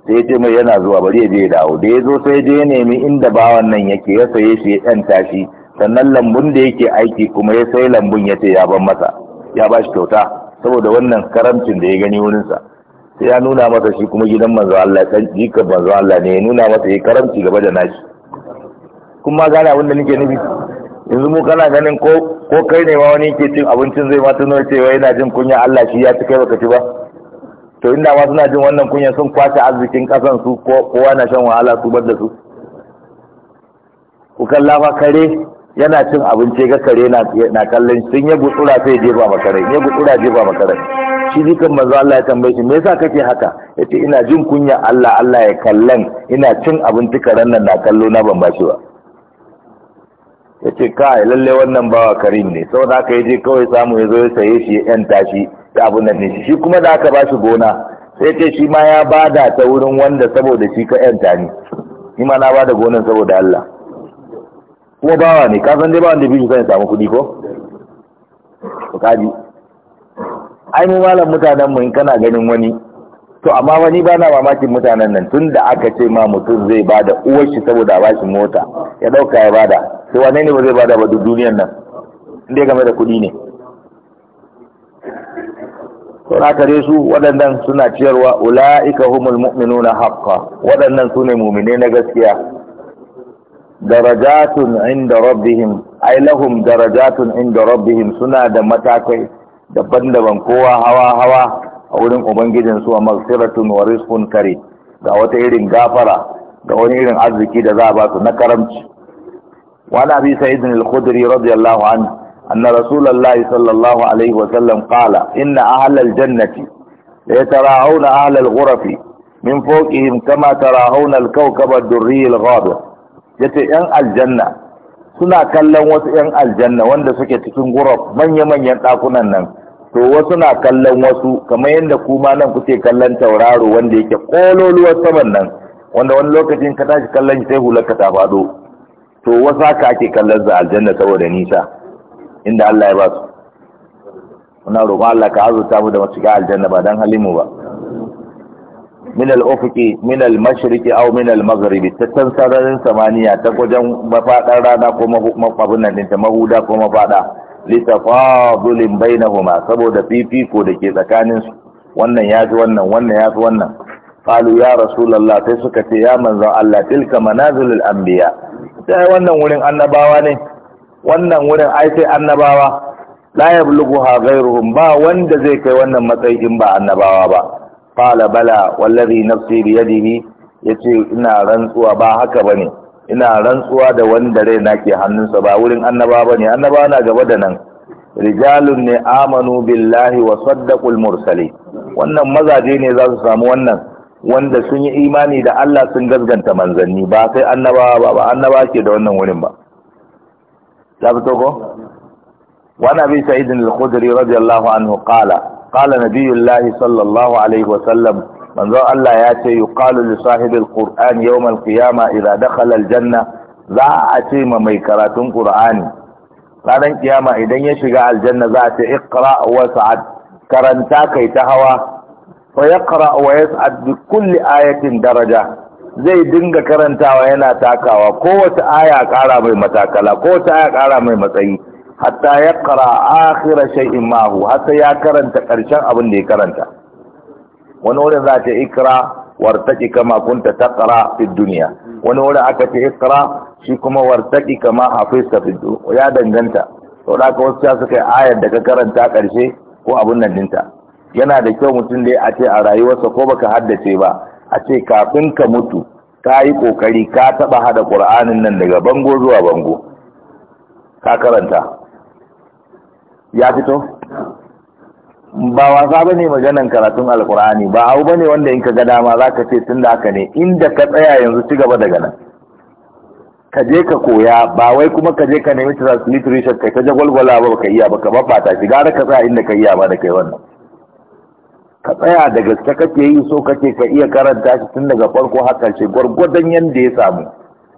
sai ce mai yana zuwa bari ya je ya dawo da ya zo sai je ya nemi inda bawan nan yake ya saye shi ya ɗan tashi, sannan lambun da yake aiki kuma ya sai lambun ya ce ya ban masa ya ba shi kyauta saboda wannan karamcin da ya gani wurinsa sai ya nuna masa shi kuma gidan manzo Allah ɗan jikar manzo Allah ne ya nuna masa ya karamci gaba da nashi kuma gane abin da nake nufi yanzu mu kana ganin ko ko kai ne ma wani ke cin abincin zai ma tuno cewa yana jin kunya Allah shi ya ci kai baka ci ba to inda ma suna jin wannan kunya sun kwace arzikin kasan su ko kowa na shan wahala su bar da su ku kalla fa kare yana cin abinci ga kare na na kallon sun ya gutsura sai je ba makare ne gutsura je ba makare shi dukan manzo Allah ya tambaye shi me yasa kake haka yace ina jin kunya Allah Allah ya kallan ina cin abinci karen nan na kallo na ban bashi ba ya ce kai lalle wannan bawa karim ne sau da aka je kawai samu ya zo ya saye shi yan tashi da abun nan ne shi kuma da aka ba shi gona sai ce shi ma ya bada ta wurin wanda saboda shi ka yan tani ni ma na bada gonan saboda Allah kuma bawa ne kasan dai bawan da biyu sai samu kuɗi ko to kaji ai mu malam mutanen mu in kana ganin wani to amma wani ba na mamakin mutanen nan tun da aka ce ma mutum zai bada uwar shi saboda ba shi mota ya dauka ya bada sai wane ne ba zai bada ba duk duniyan nan inda ya game da kuɗi ne to na kare su waɗannan suna ciyarwa ula'ika humul mu'minuna haqqan waɗannan sune mu'mine na gaskiya darajatun inda rabbihim ai lahum darajatun inda rabbihim suna da matakai daban-daban kowa hawa hawa a wurin ubangijin su a maghfiratun wa rizqun ga wata irin gafara ga wani irin arziki da za a ba su na karamci Wani abi bi sa'id al-khudri radiyallahu anhu anna rasulullahi sallallahu alaihi wa sallam kala, inna ahlal jannati Min أهل الغرف من al-kawkaba تراعون الكوكب الدري الغابر yace yan aljanna suna kallon wasu yan aljanna wanda suke cikin guraf manya-manyan ɗakunan nan to wasu na kallon wasu kamar yadda kuma nan kuke kallon tauraro wanda yake kololuwar saman nan wanda wani lokacin ka tashi kallon sai hular ka ta faɗo to wasu haka ake kallon za aljanna saboda nisa inda Allah ya ba su muna roƙon Allah ka azurta mu da masu ga aljanna ba dan halimu ba min al-ufuqi min al-mashriqi aw min al-maghribi ta san sararin samaniya ta wajen mafaɗar rana ko mafabin nan ta mahuda ko mafada. litafadulin bainahuma saboda fifiko da ke tsakanin su wannan yafi wannan wannan yafi wannan qalu ya rasulullah sai suka ce ya manzon Allah tilka manazilul anbiya sai wannan wurin annabawa ne wannan wurin ai sai annabawa la yablughuha ghayruhum ba wanda zai kai wannan matsayi in ba annabawa ba qala bala wallazi nafsi bi yadihi yace ina rantsuwa ba haka bane ina rantsuwa da wanda rai na ke hannunsa ba wurin annaba ba ne annaba na gaba da nan rijalun ne amanu billahi wa saddaqul mursali wannan mazaje ne za su samu wannan wanda sun yi imani da Allah sun gazganta manzanni ba sai annaba ba ba annaba ke da wannan wurin ba ta fito ko wa nabi sa'id al-khudri radiyallahu anhu qala qala nabiyullahi sallallahu alaihi wa sallam manzon Allah ya ce yuqalu li sahibil qur'an yau al-qiyama idza janna za a ce ma mai karatun qur'ani ranar kiyama idan ya shiga aljanna za a ce iqra wa sa'ad karanta kai ta hawa fa yaqra wa yas'ad bi kulli ayatin daraja zai dinga karantawa yana takawa wata aya kara mai matakala wata aya kara mai matsayi hatta yaqra akhira shay'in ma hu hatta ya karanta ƙarshen abin da ya karanta wani wurin za ta ikra wartaki kama kunta taqra fi dunya wani wurin aka ce ikira shi kuma wartaki kama hafizta fi ya danganta to da wasu ya suka yi ayar da ka karanta karshe ko abun nan dinta yana da kyau mutum da a ce a rayuwarsa ko baka haddace ba a ce kafin ka mutu ka yi kokari ka taba hada qur'anin nan daga bango zuwa bango ka karanta ya fito ba wasa ba ne maganan karatun alkur'ani ba abu ba ne wanda in ka ga dama za ka ce tun da haka ne inda ka tsaya yanzu ci gaba daga nan ka je ka koya ba wai kuma ka je ka nemi transliteration kai ta jagwalgwala ba ka iya ba ka babbata shi gara ka tsaya inda ka iya ba da kai wannan ka tsaya da gaske kake yi so kake ka iya karanta shi tun daga farko har ce, gwargwadon yanda ya samu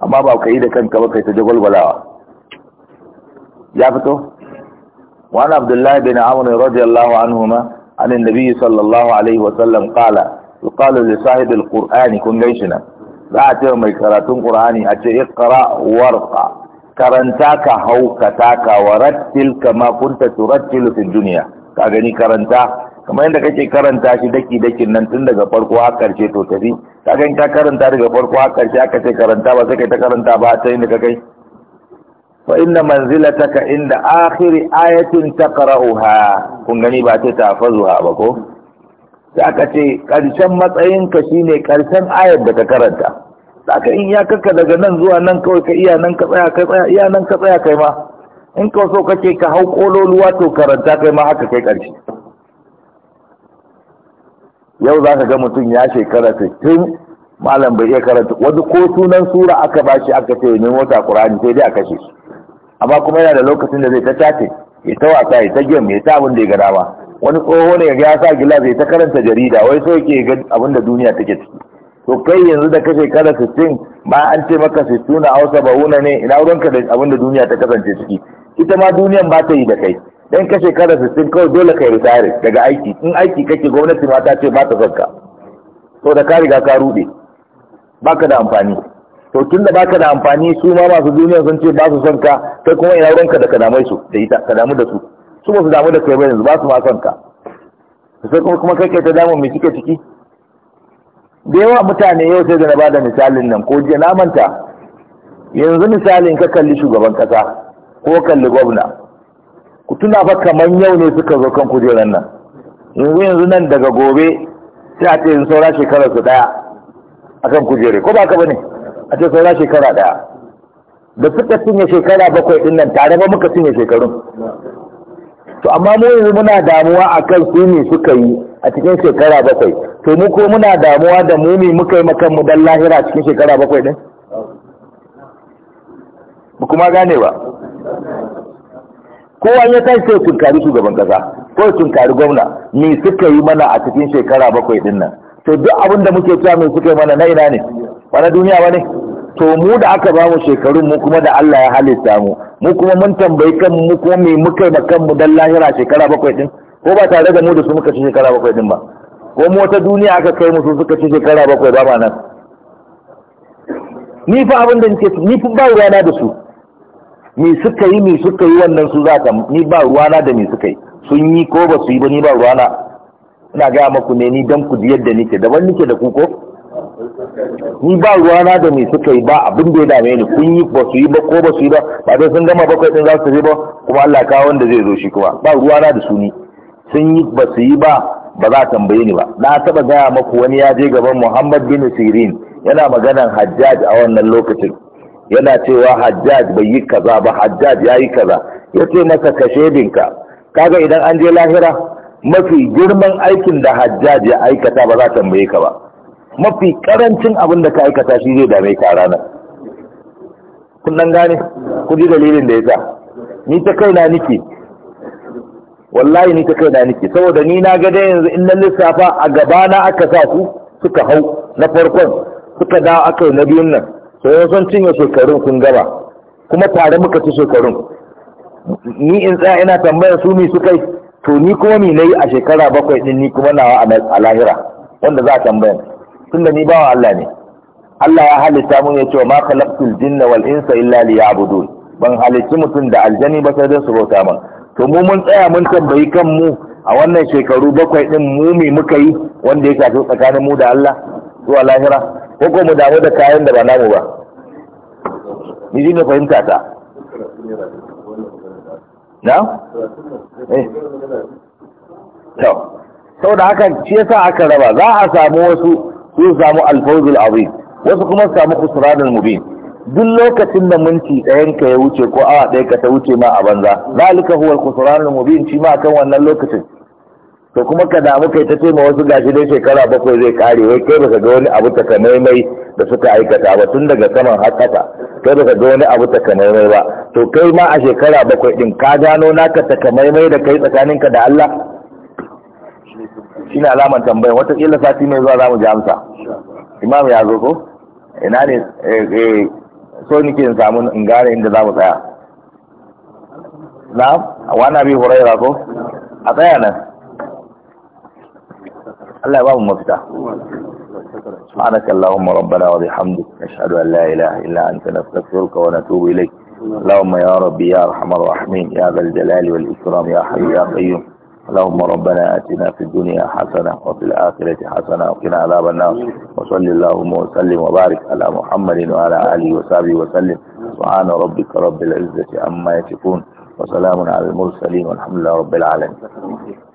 amma ba ka yi da kanka ba kai ta jagwalgwalawa ya fito وعن عبد الله بن عمرو رضي الله عنهما عن النبي صلى الله عليه وسلم قال يقال لصاحب القرآن كن جيشنا za a ce mai karatun ƙur'ani a ce ikra warqa karanta ka hau ka taka wa rattil kama kunta turattilu fi duniya ka gani karanta kamar yadda kake karanta shi daki dakin nan tun daga farko har karshe to tafi ka gani ka karanta daga farko har karshe aka ce karanta ba sai kai ta karanta ba ta inda ka kai fa inna manzilataka inda akhiri ayatin taqra'uha kun gani ba ta tafazuha ba ko sai aka ce karshen matsayinka shine karshen ayar da ka karanta saka in ya kanka daga nan zuwa nan kawai ka iya nan ka tsaya ka tsaya iya nan ka tsaya kai ma in ka so kake ka hau kololuwa to karanta kai ma haka kai karshe yau za ka ga mutum ya shekara 60 malam bai iya karanta wani ko sunan sura aka bashi aka ce ne mota qur'ani sai dai a kashe shi amma kuma yana da lokacin da zai ta tace ya ta wasa ya ta game ya ta abin da ya ga dama wani tsoho ne ya sa gilas zai ta karanta jarida wai so yake ga abin da duniya take ciki to kai yanzu da kashe kada sittin ba an ce maka 60 na Hausa ba wuna ne ina ka da abin da duniya ta kasance ciki ita ma duniyan ba ta yi da kai dan kashe kada sittin kawai dole kai retire daga aiki in aiki kake gwamnati ma ta ce ba ta zakka to da ka riga ka rude baka da amfani to tun da baka da amfani su ma masu duniya sun ce ba su son ka kai kuma ina ranka da ka su da ita ka damu da su su ba su damu da kai ba yanzu ba su ma son ka sai kuma kuma kai kai ta damu mai cike ciki da yawa mutane yau sai da na bada misalin nan ko jiya na manta yanzu misalin ka kalli shugaban kasa ko kalli gwamna ku tuna fa kamar yau ne suka zo kan kujerar nan yanzu yanzu nan daga gobe sai a ce yanzu saura shekarar su daya akan kujere ko ba ka bane a ce saura shekara ɗaya da suka cinye shekara bakwai ɗin nan tare ba muka cinye shekarun to amma mu yanzu muna damuwa akan su ne suka yi a cikin shekara bakwai to mu ko muna damuwa da mu ne muka yi makan mu dan lahira cikin shekara bakwai din ba kuma gane ba kowa ya kai sai tunkari shugaban kasa ko tunkari gwamna me suka yi mana a cikin shekara bakwai ɗin nan to duk abin da muke cewa mai suke mana na ina ne ba na duniya ba ne to mu da aka ba mu shekarun mu kuma da Allah ya halitta mu mu kuma mun tambayi kan mu kuma me muka da kanmu dan lahira shekara bakwai din ko ba tare da mu da su muka ci shekara bakwai din ba ko mu wata duniya aka kai mu su suka ci shekara bakwai ba ma nan ni fa abin da nake ni fa ba ruwana da su me suka yi me suka yi wannan su za ta ni ba ruwana da me suka yi sun yi ko ba su yi ba ni ba ruwana ina gaya maku ne ni dan ku yadda nike daban nike da kuko? ni ba ruwana da me suka yi ba abin da ya dame ni kun yi ba su yi ba ko ba su yi ba ba dai sun gama bakwai din za su yi ba kuma Allah ka wanda zai zo shi kuma ba ruwana da su ni sun yi ba su yi ba ba za tambaye ni ba na taba gaya maku wani ya je gaban Muhammad bin Sirin yana maganan Hajjaj a wannan lokacin yana cewa Hajjaj bai yi kaza ba Hajjaj ya yi kaza yace masa kashe dinka kaga idan an je lahira mafi girman aikin da hajjaj ya aikata ba za ta tambaye ka ba mafi karancin abin da ka aikata shi zai dame ka ranar kun gane ku ji dalilin da ya sa ni ta kaina niki wallahi ni ta kaina niki saboda ni na ga dai yanzu in na lissafa a gaba na aka sa ku suka hau na farkon suka dawo aka na biyun nan sai sun cinye shekarun kun gaba kuma tare muka ci shekarun ni in tsaya ina tambayar su ne su kai. to ni kuma me nayi a shekara bakwai din ni kuma nawa a lahira wanda za a tambaya tunda ni bawa Allah ne Allah ya halitta mun ya ce ma khalaqtul jinna wal insa illa liya'budun ban halicci mutum da aljani ba sai don su bauta min to mu mun tsaya mun tambayi kan mu a wannan shekaru bakwai din mu me muka yi wanda ya shafi tsakanin mu da Allah zuwa lahira ko ko mu damu da kayan da ba namu ba ni ne fahimta ta na? Eh. sau da haka shi yasa aka raba za a samu wasu su samu alfawzul azim wasu kuma samu khusranul mubin duk lokacin da minti ɗayan ka ya wuce ko awa ɗaya ka ta wuce ma a banza zalika huwa alkhusranul mubin shi ma akan wannan lokacin to kuma ka damu kai ta taimaka wasu gashi dai shekara bakwai zai kare wai kai baka ga wani abu takamaimai da suka aikata ba tun daga saman har ƙasa kai baka ga wani abu takamaimai ba to kai ma a shekara bakwai din ka gano naka takamaimai da kai tsakaninka da Allah shine alamar tambayar kila sati mai zuwa za mu ji amsa imam ya zo ko ina ne eh, eh, so nike in samu in gane inda za mu tsaya na wani abi huraira ko a tsaya nan Allah ya مفتاح سبحانك اللهم ربنا وبحمدك نشهد أن لا إله إلا أنت نستغفرك ونتوب إليك اللهم يا ربي يا أرحم الراحمين يا ذا الجلال والإكرام يا حي يا قيوم اللهم ربنا آتنا في الدنيا حسنة وفي الآخرة حسنة وقنا عذاب النار وصل اللهم وسلم وبارك على محمد وعلى آله وصحبه وسلم سبحان ربك رب العزة عما يصفون وسلام على المرسلين والحمد لله رب العالمين